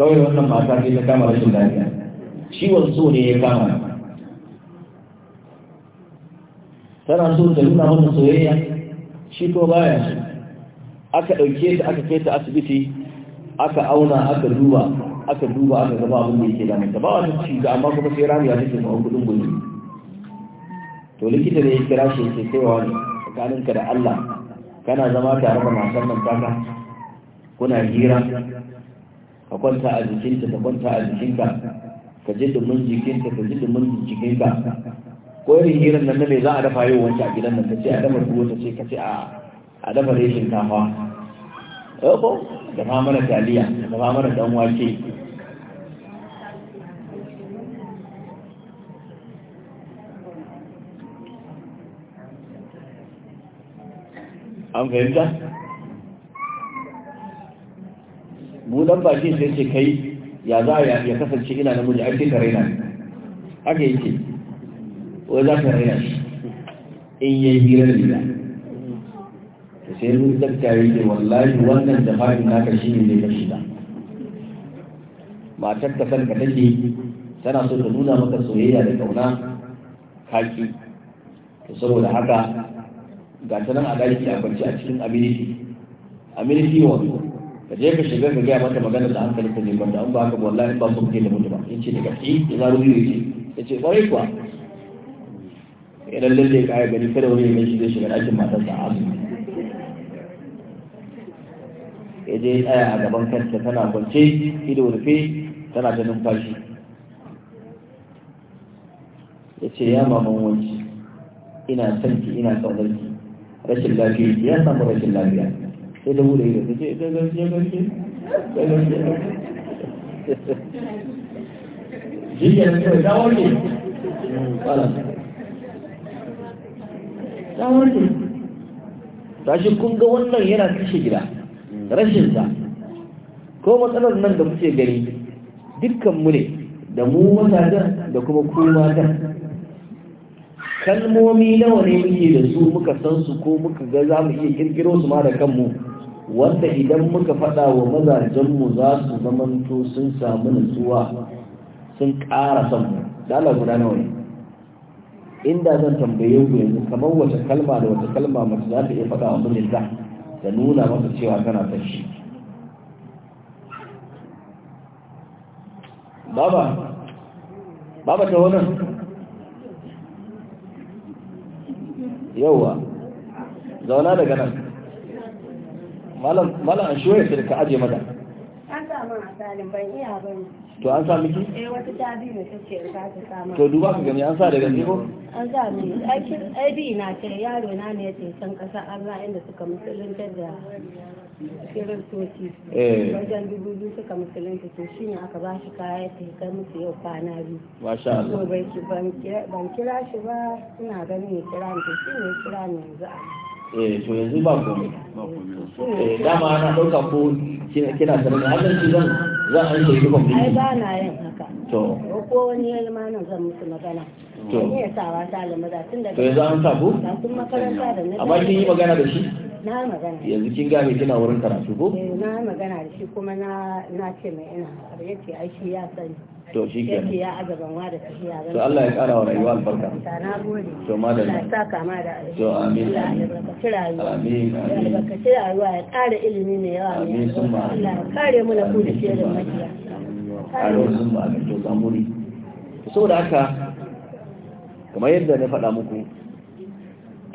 kawai wannan mata ne ta kama rashin lafiya ciwon so ne ya kama tana so ta nuna masa soyayya shi ko baya shi aka ɗauke ta aka kai ta asibiti aka auna aka duba aka duba aka gaba abin da yake damun ta ba wani ci ga amma kuma sai rami ya take ma kudin gumi to likita ne ya kira shi ke ne wani tsakaninka da Allah kana zama tare da matan nan kaka kuna hira ka kwanta a jikinta ka kwanta a jikinka ka ji dumin jikinta ka ji dumin jikinka ko irin hirar nan ne za a dafa yau wanki a gidan nan ta ce a dama duwa ta ce ka ce a dafa dai shinkafa ko da fa mana taliya da fa mana dan wake an fahimta budan baki sai ce kai ya za a ya kasance ina namiji a cikin na Haka yi ce wai za ka raina shi in yi hira da gida da sai mun tattare da wallahi wannan da fadin naka shi ne zai kashi da matar ka san ka take tana so ta nuna maka soyayya da kauna kaki to saboda haka ga ta nan a a kwanci a cikin aminiti aminiti wato ka je ka shiga ka gaya mata magana da hankali ka je banda an ba haka wallahi ba so kake da mutu ba in ce da gaske ya zaro ne ya ce ƙwarai kuwa idan lalle ka ya gani kada wani ya shi zai shiga ɗakin matarsa a asu ya je tsaya a gaban kanta tana kwance ido rufe tana ta numfashi ya ce ya maman wanci ina son ki ina kaunar ki rashin lafiya ya samu rashin lafiya sai da bude ido ce da gaske gaske da gaske jiya ne da wani kwalan tsawon ne tashi kun ga wannan yana kashe gida rashin sa ko matsalar nan da muke gani dukkan mu ne da mu matasan da kuma ku matan kalmomi nawa ne muke da su muka san su ko muka ga za mu iya kirkiro su ma da kanmu wanda idan muka faɗa wa mazajenmu za su zamanto sun samu nutsuwa sun ƙara son mu da guda nawa ne inda zan tambaye ku yanzu kamar wata kalma da wata kalma mace za ta iya faɗa wa mijinta da nuna masa cewa tana son shi baba baba ta wannan yauwa zauna daga nan malam malam an shoye ka aje mata to an sami ki? eh wata ta bi ne tace za ta samu to duba ka gani an sa daga ne ko an sa mi ai bi na ce yaro na ne yace san kasa Allah inda suka musulunta da kiristoci eh. wajen dubu biyu suka musulunta to shi ne aka ba shi kaya ta yi kai musu yau kwana biyu masha Allah to ban kira shi ba suna ganin ya kira ni to shi ne kira ni yanzu a eh to yanzu ba komai eh dama ana ɗauka ko kina sanar da hannun shi zan zan an shi kuma ai ba na yin haka to ko wani ya zama nan zan musu magana to ne ya sawa ta almaza tun da to yanzu an sabu amma kin yi magana da shi na magana yanzu kin ga kina wurin karatu ko eh, na magana da shi kuma na na ce mai ina har yace ai shi ya sani to shi ke ya azaban wa da tafiya to Allah ya kara wa rayuwa albarka na gode to madalla ta kama da to amin albarkaci rayuwa amin albarkaci rayuwa ya kara ilimi ne yawa amin summa Allah ya kare mu da ku da shi da makiya amin summa amin to zamuri saboda haka kamar yadda na faɗa muku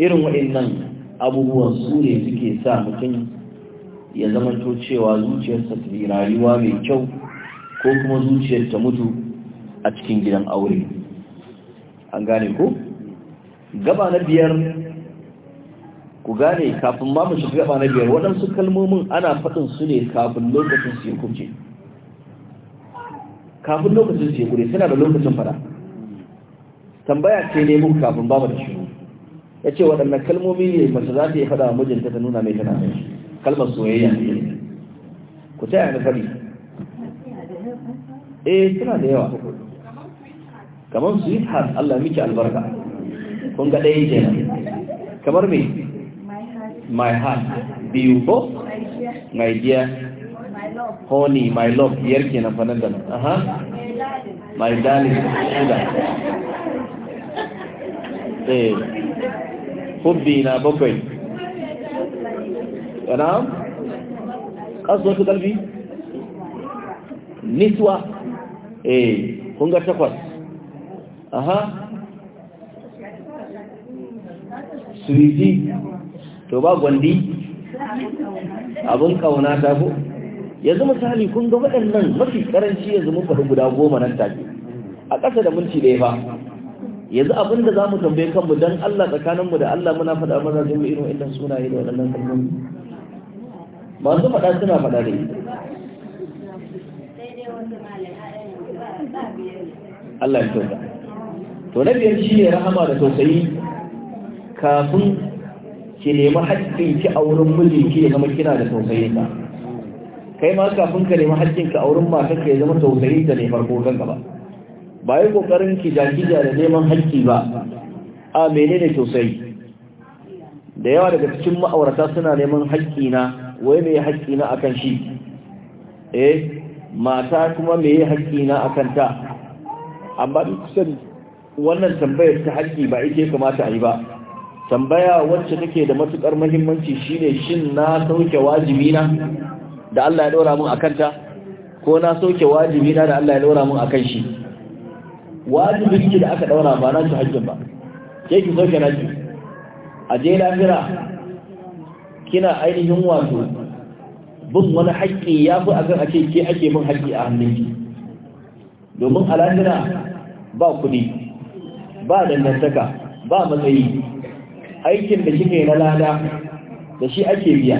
irin waɗannan abubuwan su ne suke sa mutum ya zamanto cewa zuciyarsa ta yi rayuwa mai kyau ko kuma zuciyar ta mutu a cikin gidan aure an gane ko gaba na biyar ku gane kafin ma mu shiga gaba na biyar waɗansu kalmomin ana faɗin su ne kafin lokacin su ya kuce kafin lokacin su ya kuce suna da lokacin fara tambaya ce ne mun kafin ba mu da shiru ya ce waɗannan kalmomi ne mace za ta yi faɗa mijinta ta nuna mai tana kalmar soyayya ku yi na fari eh suna da yawa kamar su yi har Allah miki albarka kun ga ɗaya ke kamar me my heart biyu ko my dear honey my love biyar ke na fanar da nan aha my darling suda eh. hubbi na bakwai na'am qasdatu qalbi niswa eh kun takwas aha suwiti to ba gwandi abin kauna ta ko yanzu misali kun ga waɗannan mafi ƙaranci yanzu mun guda goma nan take a ƙasa da minti ɗaya ba yanzu abin da za mu tambaye kanmu don Allah tsakaninmu da Allah muna faɗa maza zai mu irin suna sunaye da waɗannan kalmomi masu faɗa suna faɗa da Allah ya kyauta to na biyar shi ne rahama da tausayi kafin ki nemi ki a wurin ki ya zama kina da tausayin ka kai ma kafin ka nemi ka a wurin matarka ya zama tausayin ta ne farko kanka ba ba yi kokarin ki kija da neman haƙƙi ba a menene sosai? da yawa daga cikin ma'aurata suna neman haƙƙi na wai mai haƙƙi na akan shi eh mata kuma mai haƙƙi na akan ta amma duk kusan wannan tambayar ta haƙƙi ba ita kamata a yi ba tambaya wacce take da matukar muhimmanci shine shin na sauke wajibi na da Allah ya dora mun akan ta ko na sauke wajibi na da Allah ya dora mun akan shi wajibi kike da aka daura ba na shi hajjin ba ke ki sauke na ki a je lafira kina ainihin wato bin wani haƙƙi ya fi a kan ake ke ake bin haƙƙi a hannunki domin a lafira ba kuɗi ba dangantaka ba matsayi aikin da kika yi na lada da shi ake biya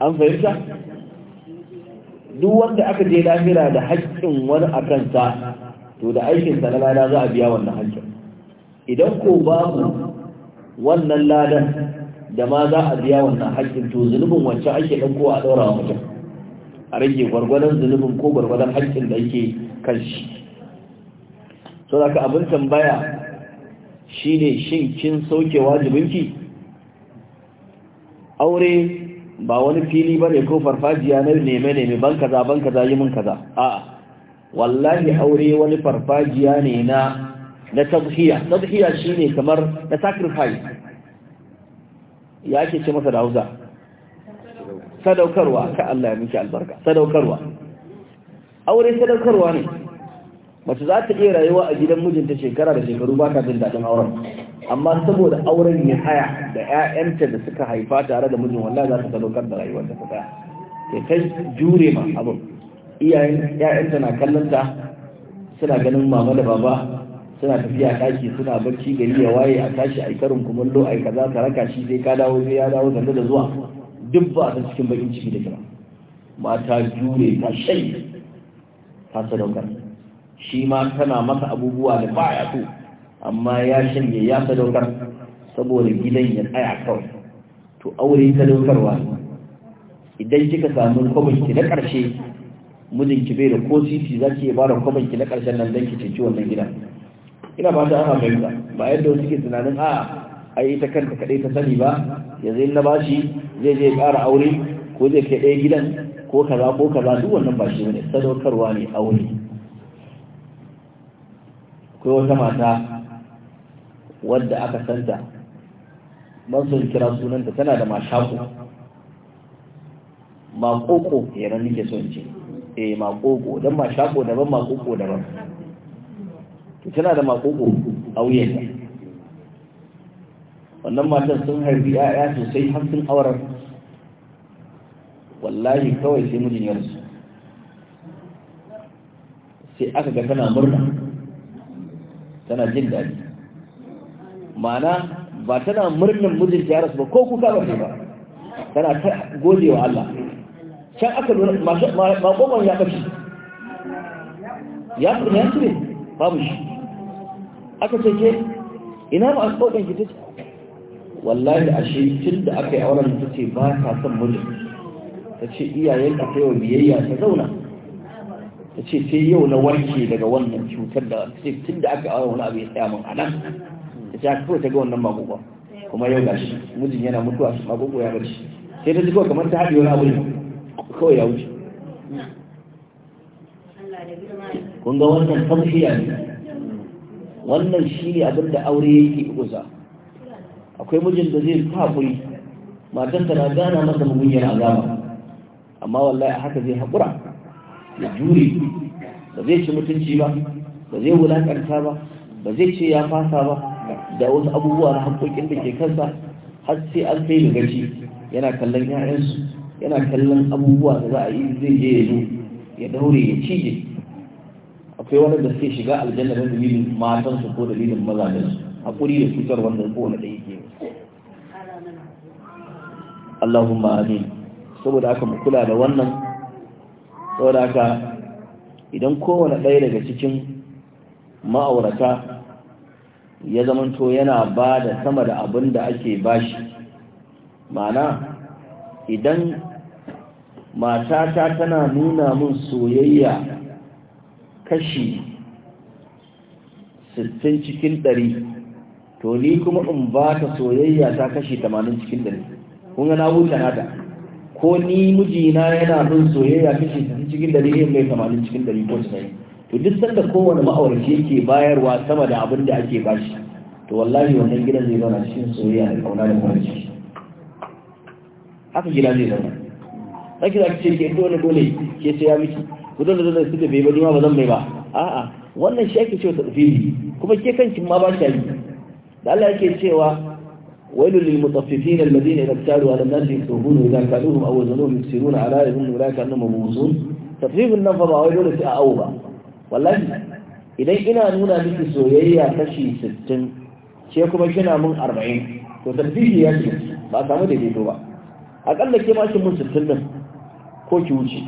an fahimta duk wanda aka je lahira da haƙƙin wani a kansa to da aikinsa na lada za a biya wannan haƙƙin idan ko babu wannan ladan da ma za a biya wannan haƙƙin to zunubin wancan ake ɗauko a ɗaura wa mutum a rage gwargwadon zunubin ko gwargwadon haƙƙin da yake kan shi So da abin tambaya shine shin kin sauke wajibinki aure ba wani fili ba ne ko farfajiya na neme neme ban kaza ban kaza yi min kaza a'a wallahi aure wani farfajiya ne na na tabhiya tabhiya shine kamar na sacrifice ya ke ce masa da Hausa sadaukarwa ka Allah ya miki albarka sadaukarwa aure sadaukarwa ne mace za ta iya rayuwa a gidan mijinta shekara da shekaru ba ta jin daɗin auren amma saboda auren ya haya da 'ya'yanta da suka haifa tare da mijin wallahi za ta sadaukar da rayuwar ta tsaya ke kai jure ma abin iyayen 'ya'yanta na kallonta suna ganin mama da baba suna tafiya ɗaki suna barci gari ya waye a tashi a karin kumallo a kaza ka raka shi sai ka dawo sai ya dawo sanda da zuwa duk ba a cikin bakin ciki da kira mata jure ta shai ta sadaukar shi ma tana masa abubuwa da ba ya so amma ya shirye ya sadaukar saboda gidan ya tsaya kawai to aure sadaukarwa idan kika samu kwabanki na ƙarshe mijinki bai da ko sisi za ki ba da kwabanki na ƙarshen nan don ki cinci wannan gida ina ba ta ana fahimta ba yadda wasu ke tunanin a a ita kanta kaɗai ta sani ba yanzu in na bashi zai je ƙara aure ko zai kai ɗaya gidan ko kaza ko kaza duk wannan ba shi ne sadaukarwa ne aure akwai wata mata wadda aka santa ban kira sunanta tana da mashako makoko kenan nike son ce e eh, makoko don mashako daban makoko daban to tana da makoko a wuyanta wannan matan sun harbi ya sosai hamsin auren, wallahi kawai sai mijin ya sai aka ga tana murna tana jin daɗi ma'ana ba tana murnin mijinta ya rasu ba ko kuka ba ba tana ta gode wa Allah can aka nuna makoman ya kashi ya fi ya cire babu shi aka ce ke ina ma alƙoƙon ki tace wallahi ashe tun da aka yi auren ta ce ba ta son mijin ta ce iyayen ka yi wa biyayya ta zauna ta ce sai yau na warke daga wannan cutar da tun da aka yi auren wani abu ya tsaya min a nan ta ce kawai ta ga wannan magogo kuma yau shi mijin yana mutuwa shi magogo ya bar shi sai ta ji kawai kamar ta haɗe wani abu ne kawai ya wuce kun ga wannan tamshiya ne wannan shi ne abin da aure yake kusa akwai mijin da zai haƙuri matar na gana masa mugunyar azaba amma wallahi a haka zai haƙura ya jure ba zai ci mutunci ba ba zai wulaƙanta ba ba zai ce ya fasa ba da wasu abubuwa na haƙoƙin da ke kansa har sai an kai da gaci yana kallon 'ya'yansu yana kallon abubuwa da za a yi zai je ya zo ya daure ya cije akwai wani da suke shiga aljanna da dalilin matansu ko dalilin mazajensu haƙuri da cutar wanda ko wani ɗaya ke Allahumma amin saboda aka mu kula da wannan saboda haka idan kowane ɗaya daga cikin ma'aurata ya zamanto yana ba da sama da abin da ake bashi mana idan matata tana nuna min soyayya kashi 60 cikin 100 to ni kuma in ba ta soyayya ta kashi 80 cikin 100 kun yana na wuce nata ko ni mijina yana nun soyayya kashi 60 cikin 100 ne mai 80 cikin 100 ko 90 to duk sanda kowane ma'aurci yake bayarwa sama da abin da ake bashi to wallahi wannan gidan zai zauna cikin soyayya da kauna da ciki? haka gida zai zauna sake za ki ce ke wani dole ke sai ya miki ku dole dole su da bai ba ma ba zan mai ba a'a wannan shi ake cewa ne, kuma ke kanki ma ba shi da Allah yake cewa ويل للمطففين الذين إذا اكتالوا على الناس يكتبون إذا كالوهم أو وزنوهم يكسرون على يظن a أنهم مبوسون تخفيف النفر ويل لسئة أوبا wallahi idan ina nuna miki soyayya kashi sittin ce kuma kina mun arba'in to tasbihi ya ce ba samu daidaito ba akalla ke ma shi mun sittin din ko ki wuce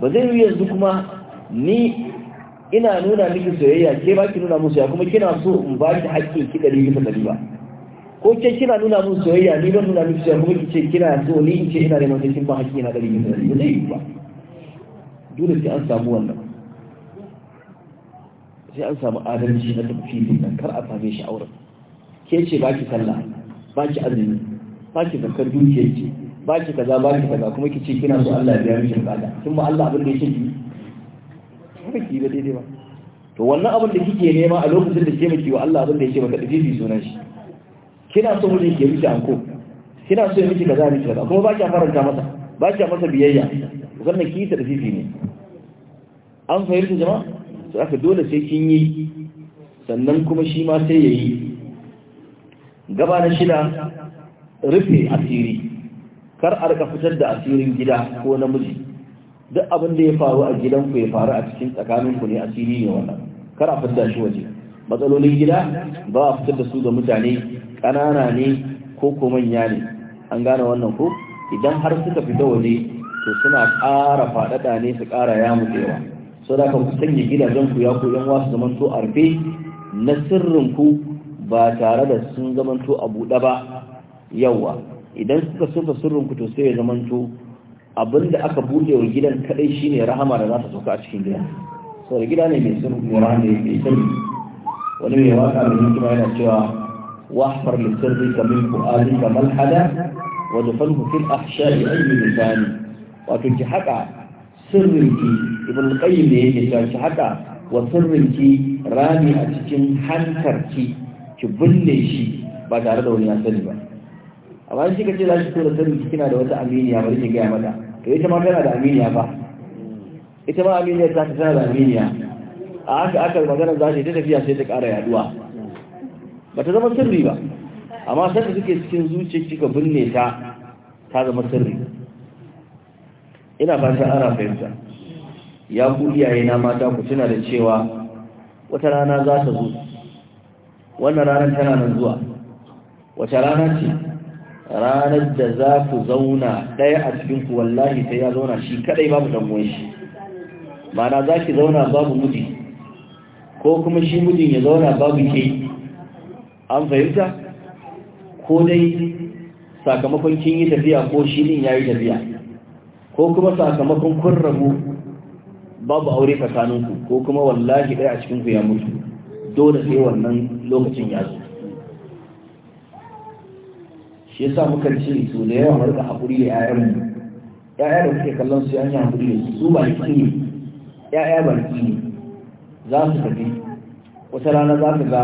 ba zai yi yanzu kuma ni ina nuna miki soyayya ke ba ki nuna mun soyayya kuma kina so in ba ki haƙƙin ki ɗari bisa ɗari ba ko ke kina nuna mun soyayya ni ban nuna miki soyayya kuma ki ce kina so ni in ce ina neman sai kin ba haƙƙi na ɗari bisa ɗari ba zai yi ba dole sai an samu wannan sai an samu adalci na tafi nan kar a same shi auren ke ce ba ki sallah ba ki azumi ba ki zakar dukiyar ki ba ki kaza ba ki kaza kuma ki ce kina so Allah ya biya miki kada, kin ba Allah abin da yake ki ba ki ba daidai ba to wannan abin da kike nema a lokacin da ke miki wa Allah abin da yake maka dafifi sunan shi kina so mijin ke miki anko kina so miki kaza miki kaza kuma ba ki faranta masa ba ki masa biyayya wannan ki ta dafifi ne an fahimta jama'a su aka dole sai kin yi sannan kuma shi ma sai ya yi gaba na shida rufe asiri kar a rika fitar da asirin gida ko namiji duk abin da ya faru a gidanku ya faru a cikin tsakaninku ne asiri ne wannan kar a fitar shi waje matsalolin gida ba a fitar da su ga mutane ƙanana ne ko ko manya ne an gane wannan ko idan har suka fita waje to suna ƙara faɗaɗa ne su ƙara yamu yawa sau da ku sanya gidajen ku ya koyan wasu zamanto a rufe na sirrin ku ba tare da sun zamanto a buɗe ba yawa idan suka sirrin ku to sai ya zamanto abinda aka buɗe wa gidan kadai shine rahama da za ta sauka a cikin gidan sau da gida ne mai sirri kuma ne mai sirri wani mai waka mai hikima yana cewa واحفر لسرك من فؤادك ملحدا ودفنه min الأحشاء Wato ki haka sirrinki ibn qayyim ne yake cewa ki haka wa sirrinki rami a cikin hankarki ki binne shi ba tare da wani ya sani ba amma shi kace za ki tura sirrinki kina da wata aminiya bari ki gaya mata to ita ma tana da aminiya ba ita ma aminiya ta tana da aminiya a haka aka magana za ta tafiya sai ta ƙara yaduwa ba ta zama sirri ba amma sanda suke cikin zuciya kika binne ta ta zama sirri ina fata ana fahimta ya ku na mata ku tuna da cewa wata rana za ta zo wannan ranar tana nan zuwa wata rana ce ranar da za ku zauna ɗaya a cikin ku wallahi ta ya zauna shi kadai babu damuwan shi mana za ki zauna babu miji ko kuma shi mijin ya zauna babu ke an fahimta ko dai sakamakon kin yi tafiya ko shi din ya yi tafiya ko kuma sakamakon kun rabu babu aure tsakaninku ko kuma wallahi ɗaya a cikin ku ya mutu dole sai wannan lokacin ya zo shi yasa muka ce so da yawa marka haƙuri da mu ya'ya da kuke kallon su yan yi haƙuri da su ba baki ne ya'ya baki ne za su tafi wata rana za ka ga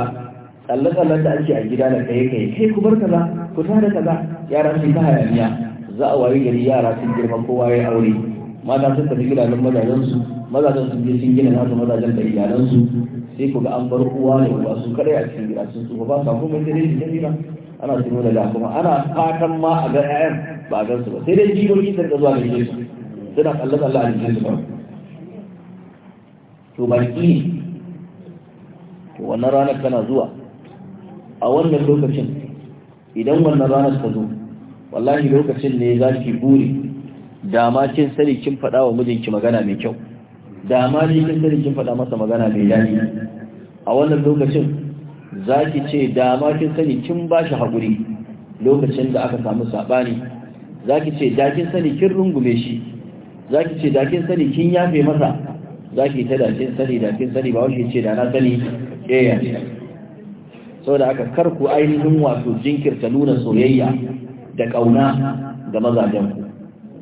tsalle-tsallen da ake a gida da kai kai kai ku bar kaza ku tare kaza yara sun ta hayaniya za a wari gari yara sun girma kowa ya aure mata sun tafi gidajen mazajensu mazajen sun je sun gina nasu mazajen da iyalansu sai ku ga an bar uwa ne uwa su kadai a cikin gida sun tsufa ba sa komai sai dai cikin ba ana tuno da kuma ana fatan ma a ga ƴaƴan ba a gansu ba sai dai jirogi sun ka zuwa da su suna kallon allah a jirgin su ba to baki to wannan ranar tana zuwa a wannan lokacin idan wannan ranar ta zo wallahi lokacin ne za ki buri Dama kin sani kin faɗa wa mijinki magana mai kyau dama ne kin sani kin faɗa masa magana mai daɗi a wannan lokacin za ki ce dama kin sani kin ba shi haƙuri lokacin da aka samu saɓani za ki ce da kin sani kin rungume shi za ki ce da kin sani kin yafe masa za ki ta da kin sani da kin sani ba wani ce da na sani ɗaya eh, sau da aka karku ainihin wato jinkirta nuna soyayya da ƙauna ga mazajenku ku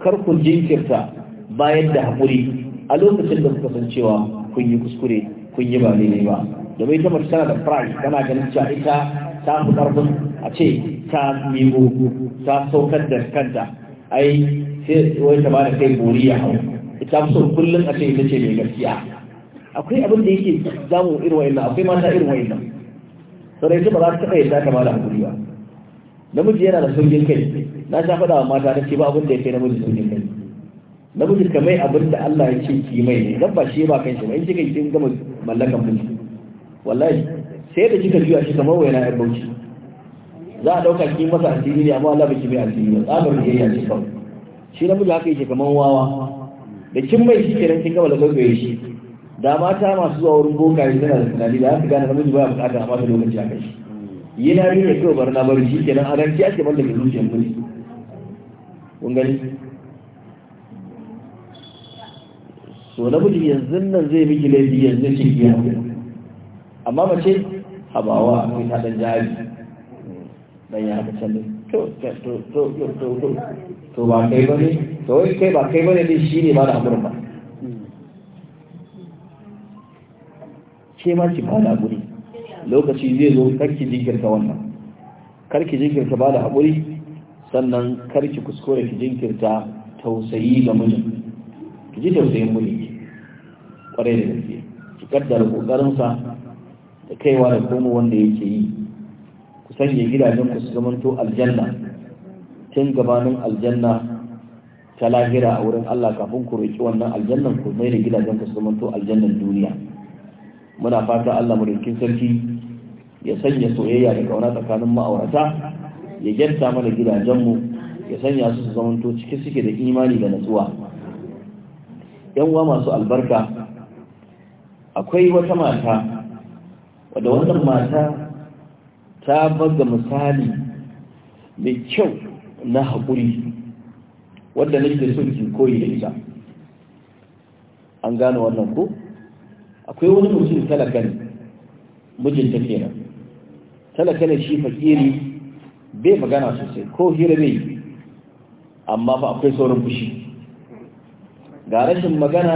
kar ku jinkirta bayan da haƙuri a lokacin da kuka san cewa kun yi kuskure kun yi ba daidai ba domin ita mace tana da pride tana ganin cewa ita ta fi ƙarfin a ce ta nemo ta saukar da kanta ai sai wai ta ba da kai bori ya hau ita fi son kullum a ce ita ce mai gaskiya akwai abin da yake zamu irin wa'in akwai mata irin wa'in nan sarai ita ba za ta taɓa yadda ta ba da haƙuri ba namiji yana da saukin kai na sha faɗa wa mata ta ce ba abin da ya kai namiji saukin kai namiji mai abin da Allah ya ce ki mai ne dan ba shi ba kan shi ba in kika kin gama mallakan mulki wallahi sai da kika juya shi kamar waina yar bauchi za a dauka kin masa asiri ne amma Allah ki mai asiri ba tsabar biyayya ce kawai shi namiji haka yake kamar wawa da kin mai shi kenan kin gama lagwaye shi da mata masu zuwa wurin bokaye suna da tunani da za gane namiji ba ya bukata a mata lokaci a kai shi yi na yi da kyau barna bari shi kenan a ranci ake mallaka zuciyar mulki kun gani so na budi yanzu nan zai miki laifi yanzu ce biya amma mace habawa akwai ta jari ɗan ya haɗa can to to to to to to ba kai bane to wai kai ba kai bane ne shine ba da hakurin ba ce ma ki ba da guri. lokaci zai zo karki jinkirta wannan karki jinkirta ba da haƙuri sannan karki kuskure ki jinkirta tausayi ga mijin ki ji tausayin muni kwarai da gaske ki kaddara kokarinsa da kaiwa da komo wanda yake yi ku sanya gidajen ku su zamanto aljanna tun gabanin aljanna ta lahira a wurin Allah kafin ku roki wannan aljannan ku mai da gidajen ku su zamanto aljannan duniya muna fata Allah mu rikin sarki ya sanya soyayya da kauna tsakanin ma'aurata ya gyarta mana gidajenmu ya sanya su su zamanto cike suke da imani da natsuwa yan uwa masu albarka akwai wata mata wadda wannan mata ta baga misali mai kyau na hakuri, wadda nake so ki koyi da ita an gane wannan ko akwai wani mutum talaka ne mijinta kenan talaka ne shi fakiri bai magana sosai ko hira bai amma fa akwai saurin fushi ga rashin magana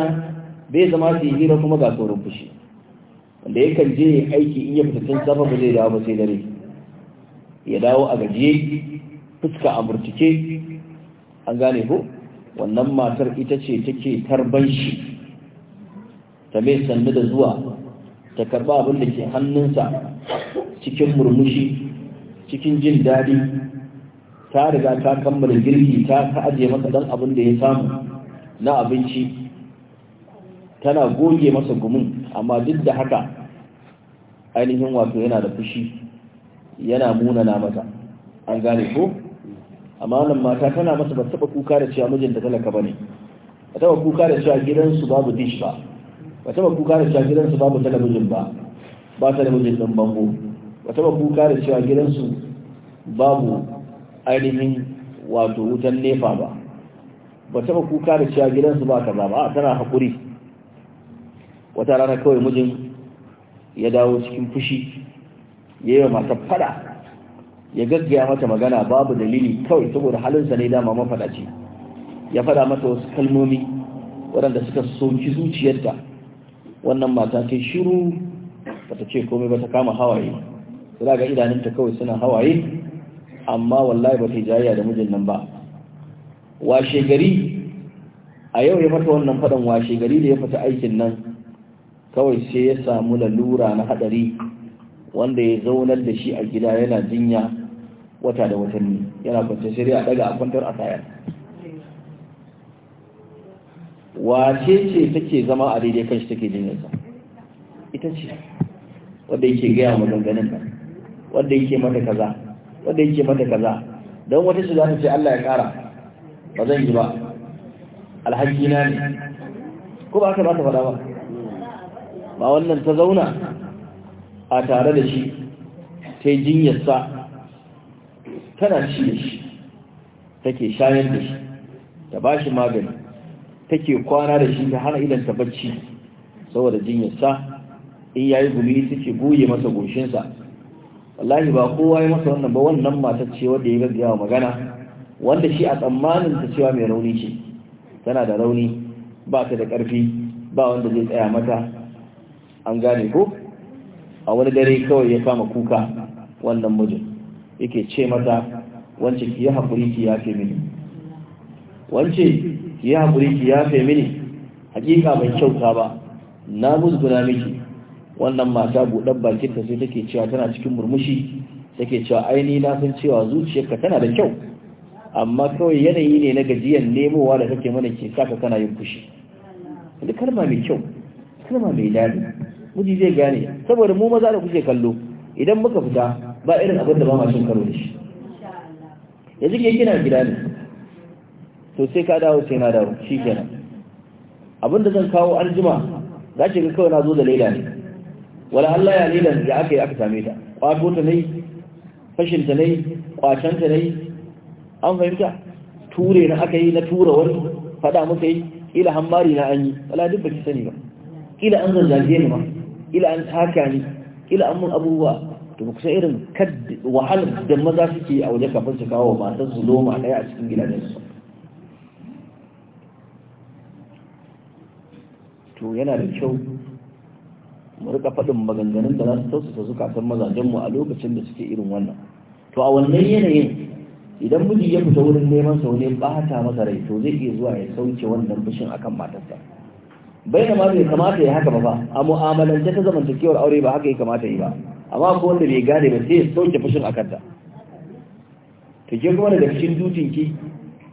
bai zama su hira kuma ga saurin fushi wanda yakan je aiki in ya fita tun safa ba zai dawo ba sai dare ya dawo a gajiye fuska a murtuke an gane ko wannan matar ita ce take tarban shi ta mai sannu da zuwa ta karba abin da ke hannunsa cikin murmushi cikin jin daɗi ta riga ta kammala girki ta ka ajiye masa dan abin da ya samu na abinci tana goge masa gumin amma duk da haka ainihin wato yana da fushi yana munana mata an gane ko amma wannan mata tana masa ba taɓa kuka da cewa mijinta talaka ne. ba taba kuka da cewa gidansu babu dish ba ba taba kuka da cewa gidansu babu talabijin ba ba ta mijin ɗin bango ba taba kuka da cewa gidansu babu ainihin wato wutan nefa ba ba taba kuka da cewa gidansu ba kaza ba tana haƙuri wata rana kawai mijin ya dawo cikin fushi ya yi wa mata fada ya gaggaya mata magana babu dalili kawai saboda halinsa ne dama mafaɗaci ya fada mata wasu kalmomi waɗanda suka soki zuciyarta wannan mata ta shiru bata ce komai ba ta kama hawaye za ga idanunta kawai suna hawaye amma wallahi ba ta jayya da mijin nan ba washe gari a yau ya fata wannan fadan washe gari da ya fata aikin nan kawai sai ya samu lalura na hadari wanda ya zaunar da shi a gida yana jinya wata da watanni yana kwance shirya a daga a kwantar a tayar wace ce take zama a daidai kan shi take jinyarsa ita ce wadda yake gaya maganganun nan wadda yake mata kaza wadda yake mata kaza don wata shi za ta ce Allah ya kara ba zan yi ba alhaji na ne ko ba ka ba ta faɗa ba ba wannan ta zauna a tare da shi ta yi jinyarsa tana ci da shi take shayar da shi ta ba shi magani take kwana da shi ta hana idan ta bacci saboda jinyarsa in yayi gumi take goye masa goshinsa wallahi ba kowa ya masa wannan ba wannan matar ce wanda ya gaggawa magana wanda shi a tsammanin ta cewa mai rauni ce tana da rauni ba ta da ƙarfi ba wanda zai tsaya mata an gane ko a wani dare kawai ya kama kuka wannan mijin yake ce mata wance ki yi haƙuri ki yafe mini wance ya haƙuri ki ya fe mini hakika ban kyauta ba na musguna miki wannan mata buɗar bakinta sai take cewa tana cikin murmushi take cewa aini na san cewa zuciyarka tana da kyau amma kawai yanayi ne na gajiyar nemowa da kake mana ke saka kana yin fushi da kalma mai kyau kalma mai daɗi muji zai gane saboda mu maza da kuke kallo idan muka fita ba irin abin da ba ma cin karo da shi yanzu ke kina gida ne to sai ka dawo sai na dawo shi kenan abinda zan kawo an jima za ki ga kawai na zo da laila ne wala Allah ya laila da aka yi aka same ta kwato ta nai fashin ta nai kwacen ta nai an fahimta ture na aka yi na tura wani fada muka yi ila hammari na an yi wala duk baki sani ba ila an zanzaje ni ma ila an taka ni ila an mun abubuwa to ba kusa irin kad, wahal da maza suke a waje kafin su kawo matan su loma ɗaya a cikin su to yana da kyau mu rika faɗin maganganun da za su tausasa su kasan mazajenmu a lokacin da suke irin wannan to a wannan yanayin idan miji ya fita wurin neman sa ba bata masa rai to zai iya zuwa ya sauke wannan bishin akan matarsa bayyana ma bai kamata ya haka ba ba a mu'amalance ta zamantakewar aure ba haka ya kamata yi ba amma ko wanda bai gane ba sai ya sauke fushin akan ta to ke kuma daga cikin dutinki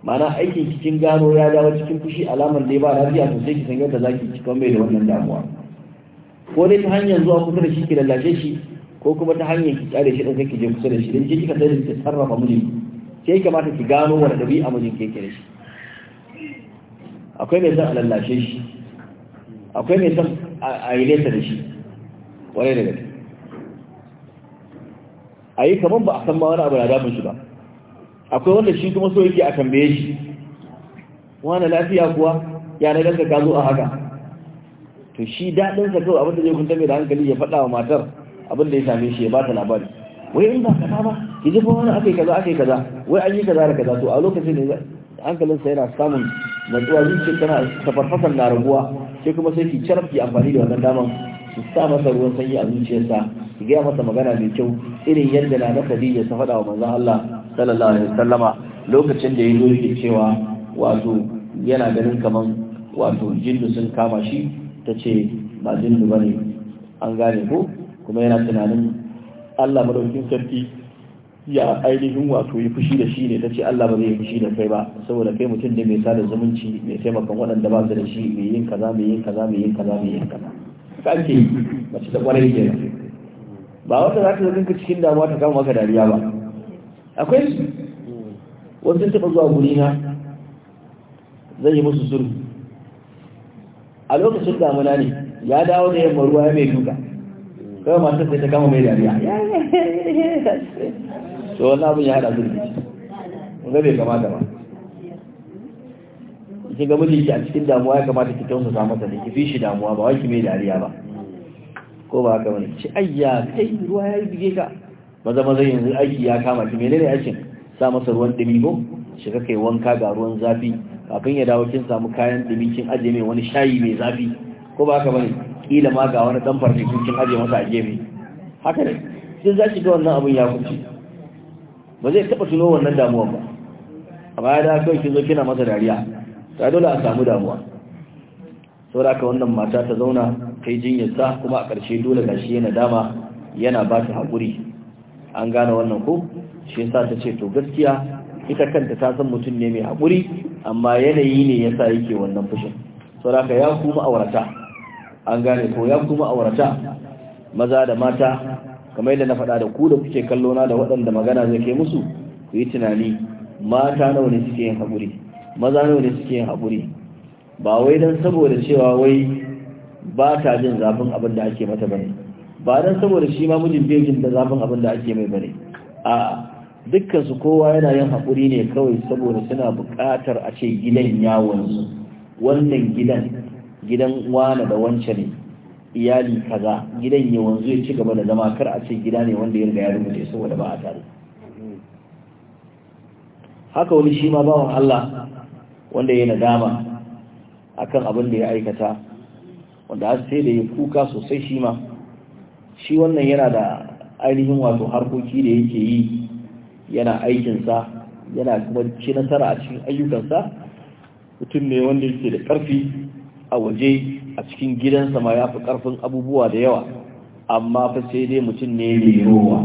mana aikin cikin gano ya dawo cikin fushi alamar da ya ba lafiya to sai ki san yadda zaki cikin mai da wannan damuwa ko dai ta hanyar zuwa kusa da shi ki lallace shi ko kuma ta hanyar ki kyale shi dan sai ki je kusa da shi dan ki kika sai ki sarrafa mijin sai kamata ki gano wani a mijin ke da shi akwai mai son a lallashe shi akwai mai son a yi nesa da shi kwarai da gaske a yi kamar ba a san ma wani abu na damun shi ba akwai wanda shi kuma so yake a tambaye shi wani lafiya kuwa ya na ganka ka zo a haka to shi daɗin sa kawai abinda zai kunta mai da hankali ya faɗa wa matar abinda ya same shi ya ba ta labari wai in ba kaza ba ki ji fa wani akai kaza akai kaza wai an yi kaza da kaza to a lokacin da hankalin sa yana samun natsuwa zuciyar tana tafarfasan na raguwa sai kuma sai ki carfi amfani da wannan daman ki sa masa ruwan sanyi a zuciyarsa ki gaya masa magana mai kyau irin yadda na na Khadija ta faɗa wa manzon Allah sallallahu alaihi wasallama lokacin da ya zo yake cewa wato yana ganin kaman wato jindu sun kama shi ta ce ba jindu ba ne an gane ko kuma yana tunanin allah madaukin sarki ya ainihin wato yi fushi da shi ne ta ce allah ba zai yi fushi da kai ba saboda kai mutum da mai sada zumunci mai taimakon waɗanda ba su da shi mai yin kaza mai yin kaza mai yin kaza mai yin kaza ka ake mace da kwarai ke ba wanda za ta zo cikin damuwa ta kama maka dariya ba akwai su wasu taba zuwa gurina zai yi musu sulhu a lokacin damuna ne ya dawo da yamma ruwa ya mai duka kawai masu sai ta kama mai dariya to wani abin ya haɗa sulhu zai bai kamata ba kin ga mijinki a cikin damuwa ya kamata ki tausasa masa da ki fi shi damuwa ba wai ki mai dariya ba ko ba haka wani ci ayya kai ruwa ya bige ka maza maza yanzu aiki ya kama shi menene aikin sa masa ruwan dumi ko shiga kai wanka ga ruwan zafi kafin ya dawo kin samu kayan dumi kin aje mai wani shayi mai zafi ko ba haka bane kila ma ga wani dan farce kin kin aje masa a gefe haka ne kin zaki ga wannan abun ya kuce ba zai taba tuno wannan damuwa ba amma ya da kai kin zo kina masa dariya ta dole a samu damuwa saboda ka wannan mata ta zauna kai jinyarsa kuma a ƙarshe dole gashi yana dama yana ba ta haƙuri an gane wannan ko shi yasa ta ce to gaskiya ita kanta ta san mutum ne mai haƙuri amma yanayi ne yasa yake wannan fushin saboda ya kuma aurata an gane ko ya kuma aurata maza da mata kamar yadda na faɗa da ku da kuke kallo na da waɗanda magana zai kai musu ku yi tunani mata nawa ne suke yin haƙuri maza nawa ne suke yin haƙuri ba wai don saboda cewa wai ba ta jin zafin abin da ake mata bane ba dan saboda shi ma mijin bai jin da zafin abin da ake mai bane a dukkan su kowa yana yin hakuri ne kawai saboda suna buƙatar a ce gidan yawon su wannan gidan gidan wane da wance iyali kaza gidan ya wanzu ya ci gaba da zama kar a ce gida ne wanda ya riga ya rubuce saboda ba a tare haka wani shi ma bawan Allah wanda ya nadama akan abin da ya aikata wanda sai da ya kuka sosai shi ma shi wannan yana da ainihin wato harkoki da yake yi yana aikinsa yana kuma ci nasara a cikin ayyukansa mutum ne wanda yake da ƙarfi a waje a cikin gidansa ma ya fi ƙarfin abubuwa da yawa amma fa sai dai mutum ne mai rowa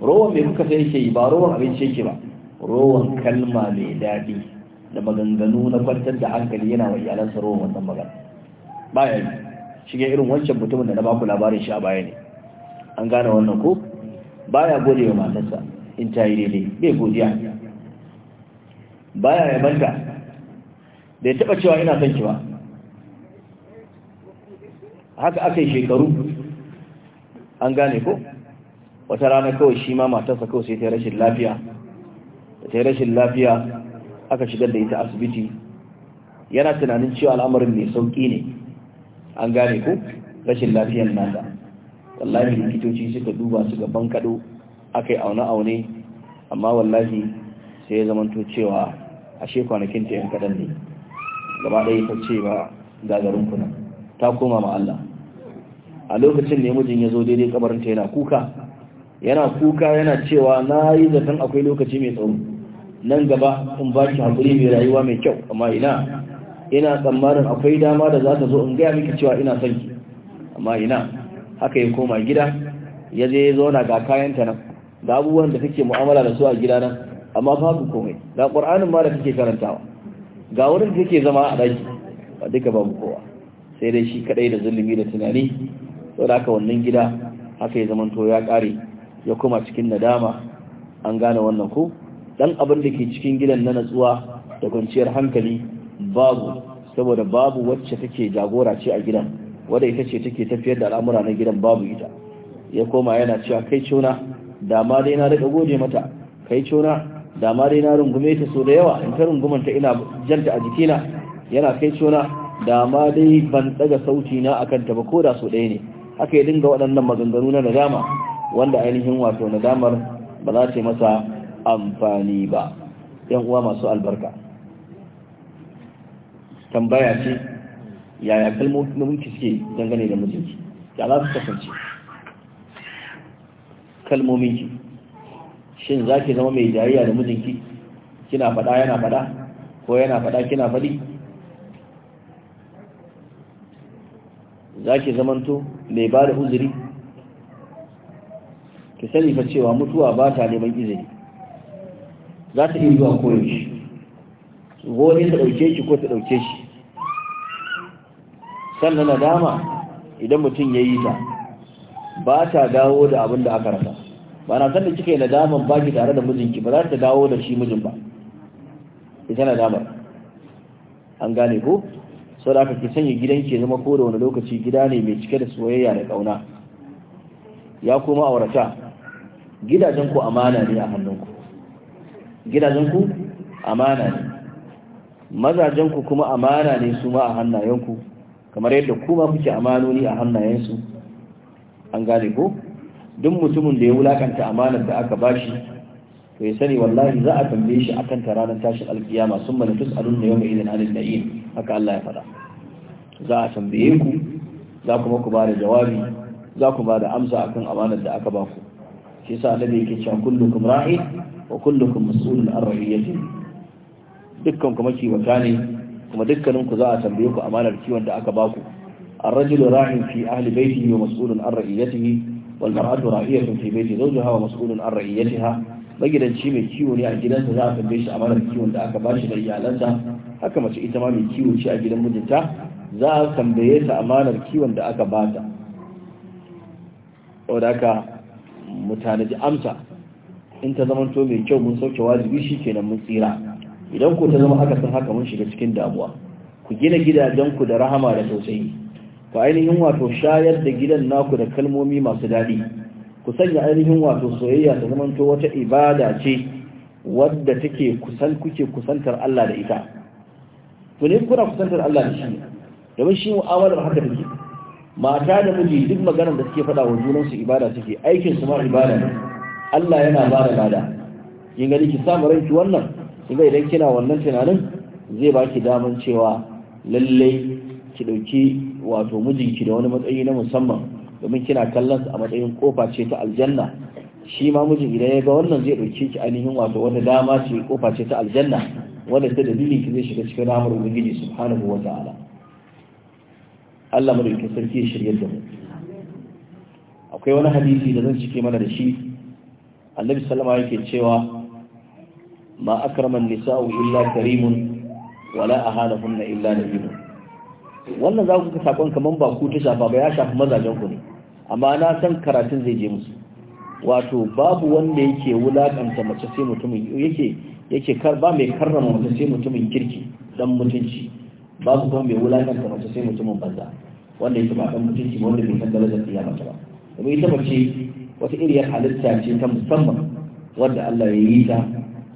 rowan mai kuka sai yake yi ba rowan abinci yake ba rowan kalma mai daɗi da maganganu na kwantar da hankali yana wa iyalansa rowan wannan magana ya yi shiga irin wancan mutumin da na baku labarin shi a baya ne an gane wannan ko baya gode wa matarsa in ta yi daidai bai godiya baya yabanta bai taba cewa ina son ki ba haka aka yi shekaru an gane ko wata rana kawai shi ma matarsa kawai sai ta rashin lafiya ta rashin lafiya aka shigar da ita asibiti yana tunanin cewa al'amarin mai sauki ne an gane ku rashin lafiyan nasa wallahi likitoci suka duba su gaban kaɗo aka yi aune-aune amma wallahi sai ya zamanto cewa ashe kwanakin ta yan kaɗan ne gaba ɗaya yi ce ba gagarin kuna ta koma ma Allah a lokacin ne mijin ya zo daidai kabarinta yana kuka yana kuka yana cewa na yi zaton akwai lokaci mai tsawo nan gaba in ba ki haƙuri mai rayuwa mai kyau amma ina ina tsammanin akwai dama da za ta zo in gaya miki cewa ina son ki amma ina aka yi koma gida ya je zauna ga kayanta nan ga abubuwan da suke mu'amala da su a gida nan amma babu komai ga ƙwar'anin ma da suke karantawa ga wurin da suke zama a daki ba duka babu kowa sai dai shi kaɗai da zulumi da tunani da aka wannan gida haka ya zamanto ya kare ya koma cikin nadama an gane wannan ko dan abin da ke cikin gidan na natsuwa da kwanciyar hankali babu saboda babu wacce take jagora ce a gidan wadda ita ce take tafiyar da al'amura na gidan babu ita ya koma yana cewa kai cona da ma dai na rika gode mata kai cona da ma dai na rungume ta so da yawa in ta rungumanta ina janta a jikina yana kai cona da ma dai ban daga sauti na akan ta ba ko da so ɗaya ne haka ya dinga waɗannan maganganu na nadama wanda ainihin wato nadamar ba za ta yi masa amfani ba yan uwa masu albarka tambaya ce yaya kalmomin ki suke dangane da mijinki ya za su kasance kalmomin ki shin za ki zama mai jariya da mijinki kina faɗa yana faɗa ko yana faɗa kina faɗi za ki zamanto mai ba da uzuri ki sani fa cewa mutuwa ba ta neman izini za ta iya zuwa koyaushe ko ne ta ɗauke shi ko ta ɗauke shi sannan nadama idan mutum ya yi ta ba ta dawo da abin da aka rasa ba na san kika yi nadaman ba ki tare da mijinki ba za ta dawo da shi mijin ba ita nadamar an gane ko sau da aka ki sanya gidan ke zama ko da wani lokaci gida ne mai cike da soyayya da ƙauna ya kuma aurata gidajenku amana ne a hannunku gidajenku amana ne mazajenku kuma amana ne su ma a hannayenku kamar yadda kuma kuke amanoni a hannayensu an gane ko duk mutumin da ya wulakanta amanar da aka bashi to ya sani wallahi za a tambaye shi akan ta ranar tashin alkiyama sun mana tus'alun na yawan idan alil na'im haka Allah ya faɗa za a tambaye ku za kuma ku bada jawabi za ku bada amsa akan amanar da aka baku shi yasa annabi yake cewa kullukum ra'i wa kullukum mas'ulun an ra'iyati dukkan kuma kiwata ne kuma dukkanin ku za a tambaye ku amanar kiwon da aka baku الرجل راع في أهل بيته ومسؤول عن رعيته والمرأة راعية في بيت زوجها ومسؤول عن رعيتها magidanci mai kiwo ne a gidansa za a tambaye shi amanar kiwon da aka bashi da iyalansa haka mace ita ma mai kiwo ce a gidan mijinta za a tambaye ta amanar kiwon da aka bata wadda aka mutane ji amsa in ta zamanto mai kyau mun sauke wajibi shi kenan mun tsira idan ku ta zama haka sun haka mun shiga cikin damuwa ku gina gidajenku da rahama da tausayi ku ainihin wato shayar da gidan naku da kalmomi masu daɗi ku sanya ainihin wato soyayya ta zamanto wata ibada ce wadda take kusan kuke kusantar Allah da ita ku ne kuna kusantar Allah da shi domin shi mu'amalar haka take mata da miji duk maganar da suke faɗa wa su ibada suke aikin su ma ibada ne Allah yana ba da lada kin gani ki samu ranki wannan kinga idan kina wannan tunanin zai baki daman cewa lallai ki dauki wato mijinki da wani matsayi na musamman domin kina kallon a matsayin kofa ce ta aljanna shi ma mijin idan ya ga wannan zai dauki ki ainihin wato wata dama ce kofa ce ta aljanna wanda ta dalilin ki zai shiga cikin ramar ubangiji subhanahu wa ta'ala Allah madaukakin sarki ya shirye da mu akwai wani hadisi da zan cike mana da shi annabi sallama yake cewa ما أكرم النساء إلا كريم ولا أهانهن إلا نبيل wannan za ku ka sakon ba ku ta shafa ba ya shafi mazajen ku ne amma na san karatun zai je musu wato babu wanda yake wulakanta mace sai mutumin yake yake ba mai karrama mace sai mutumin kirki dan mutunci babu kuma mai wulakanta mace sai mutumin banza wanda yake ba dan mutunci ba wanda bai san darajar iya mata ba kuma ita mace wata iriyar halitta ce ta musamman wanda Allah ya yi ta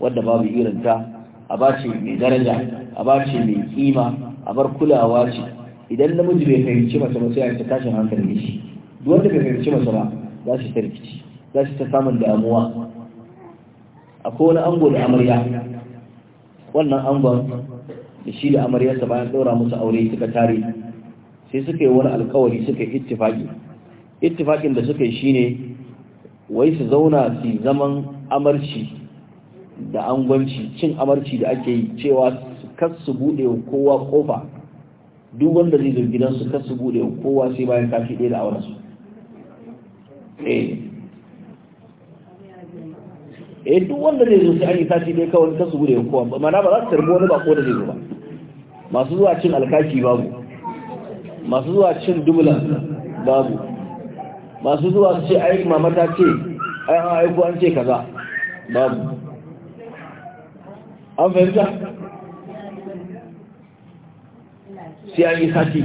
wadda babu irinta a ba ce mai daraja a ba ce mai kima a bar kulawa ce idan namiji bai fahimci mace ba sai a tashin hankali shi duk wanda bai fahimci mace ba za shi ta rikici za shi ta samun damuwa akwai wani ango da amarya wannan angon da shi da amaryarsa bayan ɗaura musu aure suka tare sai suka yi wani alkawari suka yi ittifaki ittifakin da suka yi shine wai su zauna su zaman amarci da angwanci cin amarci da ake yi cewa kar su bude wa kowa kofa duk wanda zai zo gidansu kasu su bude wa kowa sai bayan kashi ɗaya da auren su eh eh duk wanda zai zo sai an yi sati ɗaya kawai kasu bude wa kowa mana ba za su tarbi wani bako da zai zo ba masu zuwa cin alkaki babu masu zuwa cin dubulan babu masu zuwa su ce ai mamata ce ai an aiko an ce kaza babu an fahimta sai an yi sati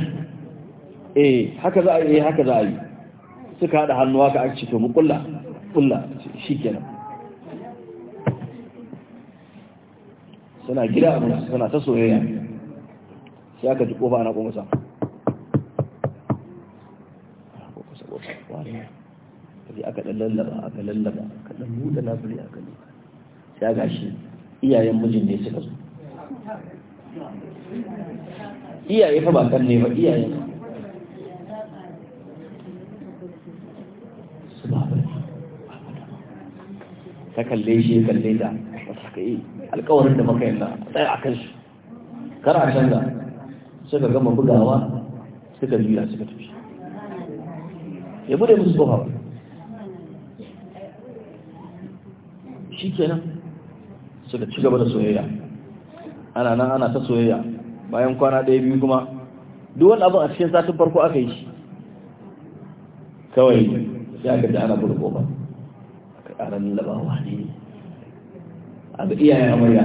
eh haka za a yi eh, haka za a yi suka haɗa hannuwa ka an cito mu kulla shi kenan suna gida suna ta soyayya sai aka ji ƙofa na ƙungusa aka lallaba aka lallaba aka aka sai ga shi iyayen mijin ne suka zo iyaye fa ba kan ne ba iyayen ta kalle shi kalle da wata ka yi alkawarin da maka yana tsaye a shi kar a canza suka gama bugawa suka juya suka tafi ya bude musu kofa shi kenan suka ci gaba da soyayya ana nan ana ta soyayya bayan kwana ɗaya biyu kuma duk wani abin a cikin satin farko aka yi shi kawai ya gaji ana buɗe ƙofa aka ƙara labawa ne a ga iyayen amarya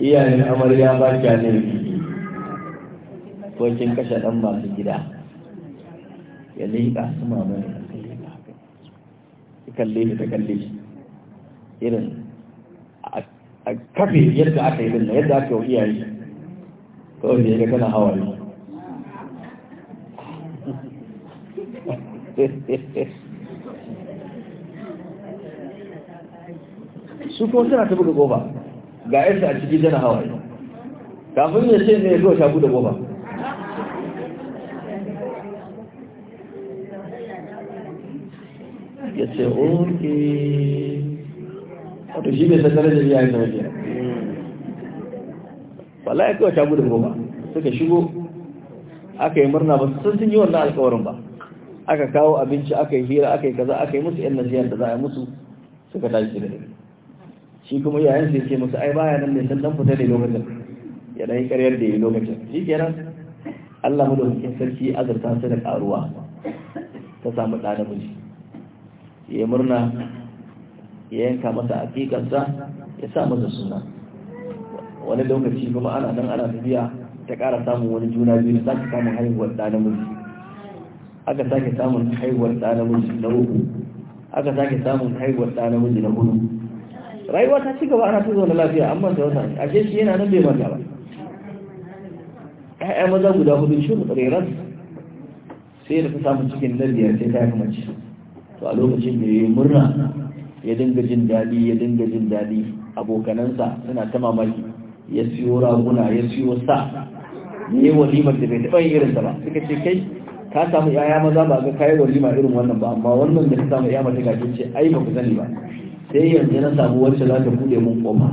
iyayen amarya ba ka ne ko kin kashe ɗan masu gida ya liƙa su mamaye ta kalle shi ta kalle shi irin a kafe yadda aka yi dinna yadda aka yi yayi to ne ga kana hawaye su ko suna ta buga goba ga yadda a ciki tana hawaye kafin ya ce ne ya zo ta buga goba ce oke wato shi ne ta wala shigo aka yi murna ba sun sun yi wannan alkawarin ba aka kawo abinci aka yi hira aka yi kaza aka yi musu yan nasiyar da za a yi musu suka tashi da shi kuma yayin sai ce musu ai baya nan ne san dan fita da lokacin ya dan karyar da yi lokacin shi kenan Allah mu da sarki azurta su da karuwa ta samu ɗa namiji ya murna ya yanka masa hakikansa ya sa masa suna wani lokaci kuma ana nan ana tafiya ta ƙara samun wani juna biyu da sake samun haihuwar ɗa namiji aka sake samun haihuwar ɗa namiji na uku aka sake samun haihuwar ɗa namiji na hudu rayuwa ta ci gaba ana tuzo na lafiya amma da wata ashe shi yana nan bai mata ba ƴaƴa maza guda hudu shi mu tsare sai da ta samu cikin nan biyar sai ta yi mace to a lokacin da ya yi murna ya dinga jin daɗi ya dinga jin daɗi abokanansa suna ta mamaki ya siyo raguna ya siyo sa ne walimar da bai taɓa yin irinsa ba suka ce kai ka samu yaya maza ba ga kayi walima irin wannan ba amma wannan da ka samu yaya mata gajin ce ai ba ku sani ba sai yanzu na samu wacce za ta bude mun koma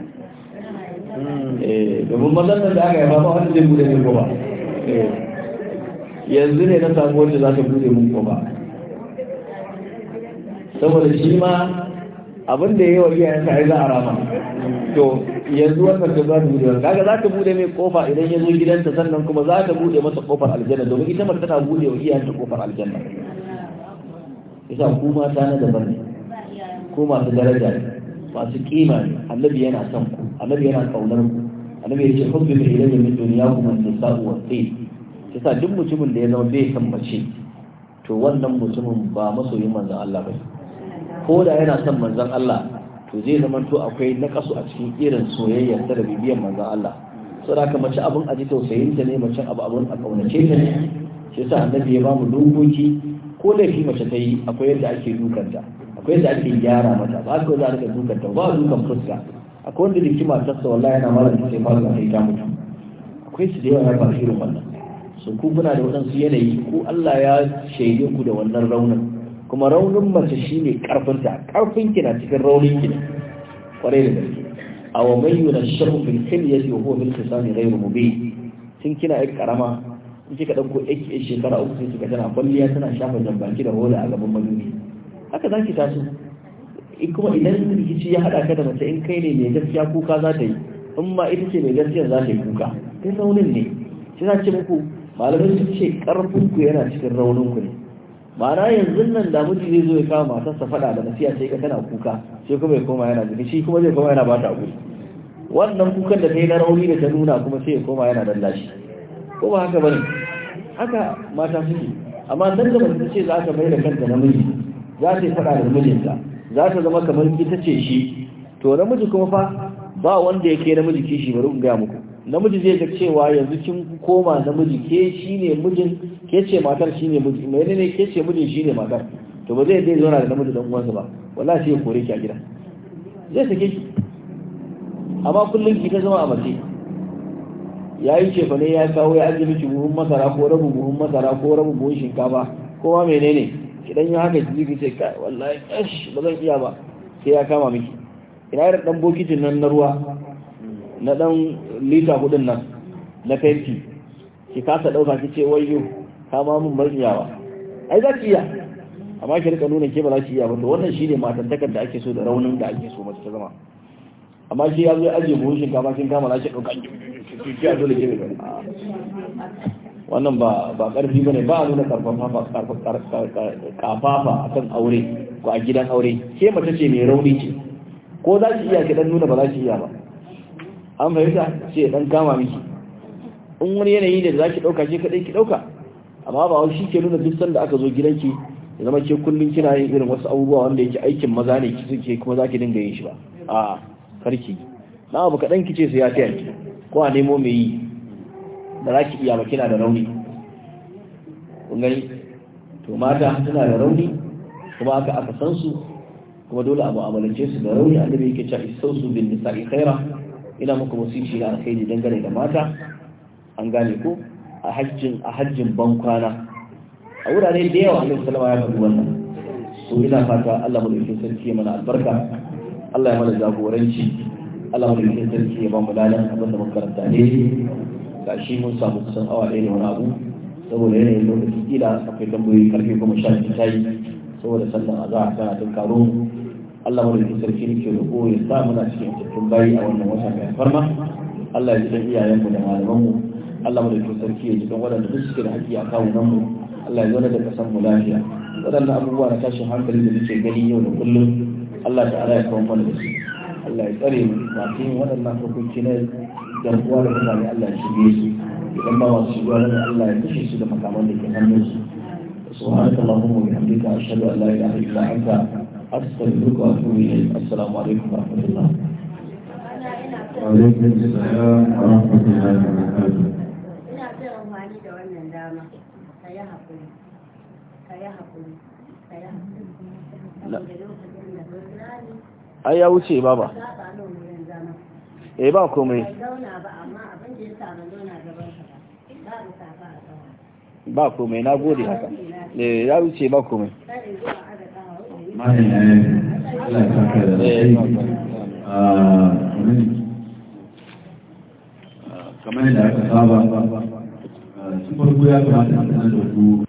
eh, domin mazan da aka yi ba ba wanda zai bude mun koma yanzu ne na samu wanda za ka bude mun ko ba saboda shi ma abin da ya yi wa yanka ai za a rama to yanzu wannan ka za ta bude kaga za ta bude mai kofa idan ya zo gidanta sannan kuma za ta bude masa kofar aljanna domin ita mace tana bude wa iyayenta kofar aljanna isa ku mata na daban ne ku masu daraja ne masu kima ne annabi yana son ku annabi yana kaunar ku annabi ya ce hubbi mai ilayya min duniya kuma nisa'u wa sayyid yasa duk mutumin da ya zama bai san mace to wannan mutumin ba masoyin manzan Allah ba ko da yana son manzan Allah to zai zama to akwai nakasu a cikin irin soyayyar da bibiyar manzan Allah saboda mace abin aji tausayin ta ne mace abu abin a kaunace ta ne shi yasa annabi ya ba mu dokoki ko laifi mace ta yi akwai yadda ake dukanta akwai yadda ake gyara mata ba ka za a rika dukanta ba dukan fuska akwai wanda jiki matarsa wallahi yana mara da sai fara sai ta mutu akwai su da yawa na ba irin wannan sun ku kuna da waɗansu yanayi ko Allah ya shaide ku da wannan raunin kuma raunin mace shine karfinta karfin ki na cikin raunin ki ne kwarai da gaske aw man yunasharu fil hilyati wa huwa bil khisami ghayr mubin tun kina ai karama in kika dauko aiki yin shekara uku sai kika tana kwalliya tana shafa jambaki da hola a gaban madubi haka zaki taso in kuma idan rikici ya hada ka da mace in kai ne mai gaskiya kuka za ta yi in ma ita ce mai gaskiya za ta yi kuka kai raunin ne sai za ce muku malamin su ce ƙarfinku ku yana cikin raunin ku ne ma'ana yanzu nan da miji zai zo ya kama matarsa faɗa da nasiya sai ka tana kuka sai kuma ya koma yana jiki shi kuma zai koma yana ba ta wannan kukan da ta yi na rauni da ta nuna kuma sai ya koma yana dallashi ko ba haka bane haka mata suke amma san da mace ce za ka mai da kanta namiji za ta yi faɗa da mijinta za ta zama kamar ita ce shi to namiji kuma fa ba wanda yake namiji kishi bari in gaya muku namiji zai ga cewa yanzu kin koma namiji ke shine mijin ke ce matar shine miji mai ne ke ce mijin shine matar to ba zai zai zauna da namiji dan uwansa ba wallahi sai ya kore ki a gida zai sake ki amma kullum ki ta zama a mace yayi ce fa ne ya kawo ya ajiye miki buhun masara ko rabu buhun masara ko rabu buhun shinkafa ko ma menene idan yi haka ki ji ce kai wallahi ash ba zan iya ba sai ya kama miki ina da dan bokitin nan na ruwa na dan lita hudun nan na fenti ki kasa dauka ki ce wayo ka ma mun marjiyawa ai za ki iya amma ki rika nuna ke ba za ki iya ba to wannan shine matantakar da ake so da raunin da ake so mace ta zama amma shi ya zo ya ajiye buhun shinkafa kin kama lashe dauka ki a dole ke wannan ba ba karfi bane ba a nuna karfafa a kan aure ko a gidan aure ke mace ce mai rauni ce ko za ki iya ki dan nuna ba za ki iya ba an fahimta sai dan kama miki in wani yanayi da za ki dauka shi kadai ki dauka amma ba shi ke nuna duk sanda aka zo gidanki ya zama ce kullum kina yin irin wasu abubuwa wanda yake aikin maza ne ki suke kuma za ki dinga yin shi ba a karki na abu kadan ce su ya taya ki ko a nemo mai yi da za ki iya ba kina da rauni kun gani to mata suna da rauni kuma aka aka san su kuma dole a mu'amalance su da rauni a annabi yake cewa su bin nisa'i khaira ina muku wasici na alkhairi dangane da mata an gane ku a hajjin a hajjin bankwana a wurare da yawa annabi sallallahu alaihi wasallam wannan so ina fata Allah madaukakin sarki mana albarka Allah ya mana jagoranci Allah madaukakin sarki ya ba mu abinda muka karanta ne shi mun samu kusan awa ɗaya ne wani abu saboda yanayin lokaci kila akwai tambayoyi karfe kuma sha biyu ta yi saboda sallan a za a tana Allah mu da sarki ne ke roƙo ya sa muna cikin cikin bayi a wannan wata mai farma Allah ya ji dan iyayenmu da malamanmu Allah mu da sarki ya ji dan waɗanda duk suke da haƙƙi a kawunan mu Allah ya zauna da kasan mu lafiya waɗannan abubuwa na tashin hankali da muke gani yau da kullum Allah ta'ala ya kawo mana da su Allah ya tsare mu masu yin waɗannan hukunci na garkuwa da ne Allah ya shige su idan ba masu shiga nan Allah ya kashe su da makaman da ke hannun su subhanakallahumma wa bihamdika ashhadu an la ilaha illa anta أستغفرك وأتوب إليك السلام عليكم ورحمة الله وعليكم السلام ورحمة الله وبركاته ai ya wuce ba ba na gode haka eh ya wuce ba Allah ya saka da aka saba sun eh, farko ya kamata a sanar da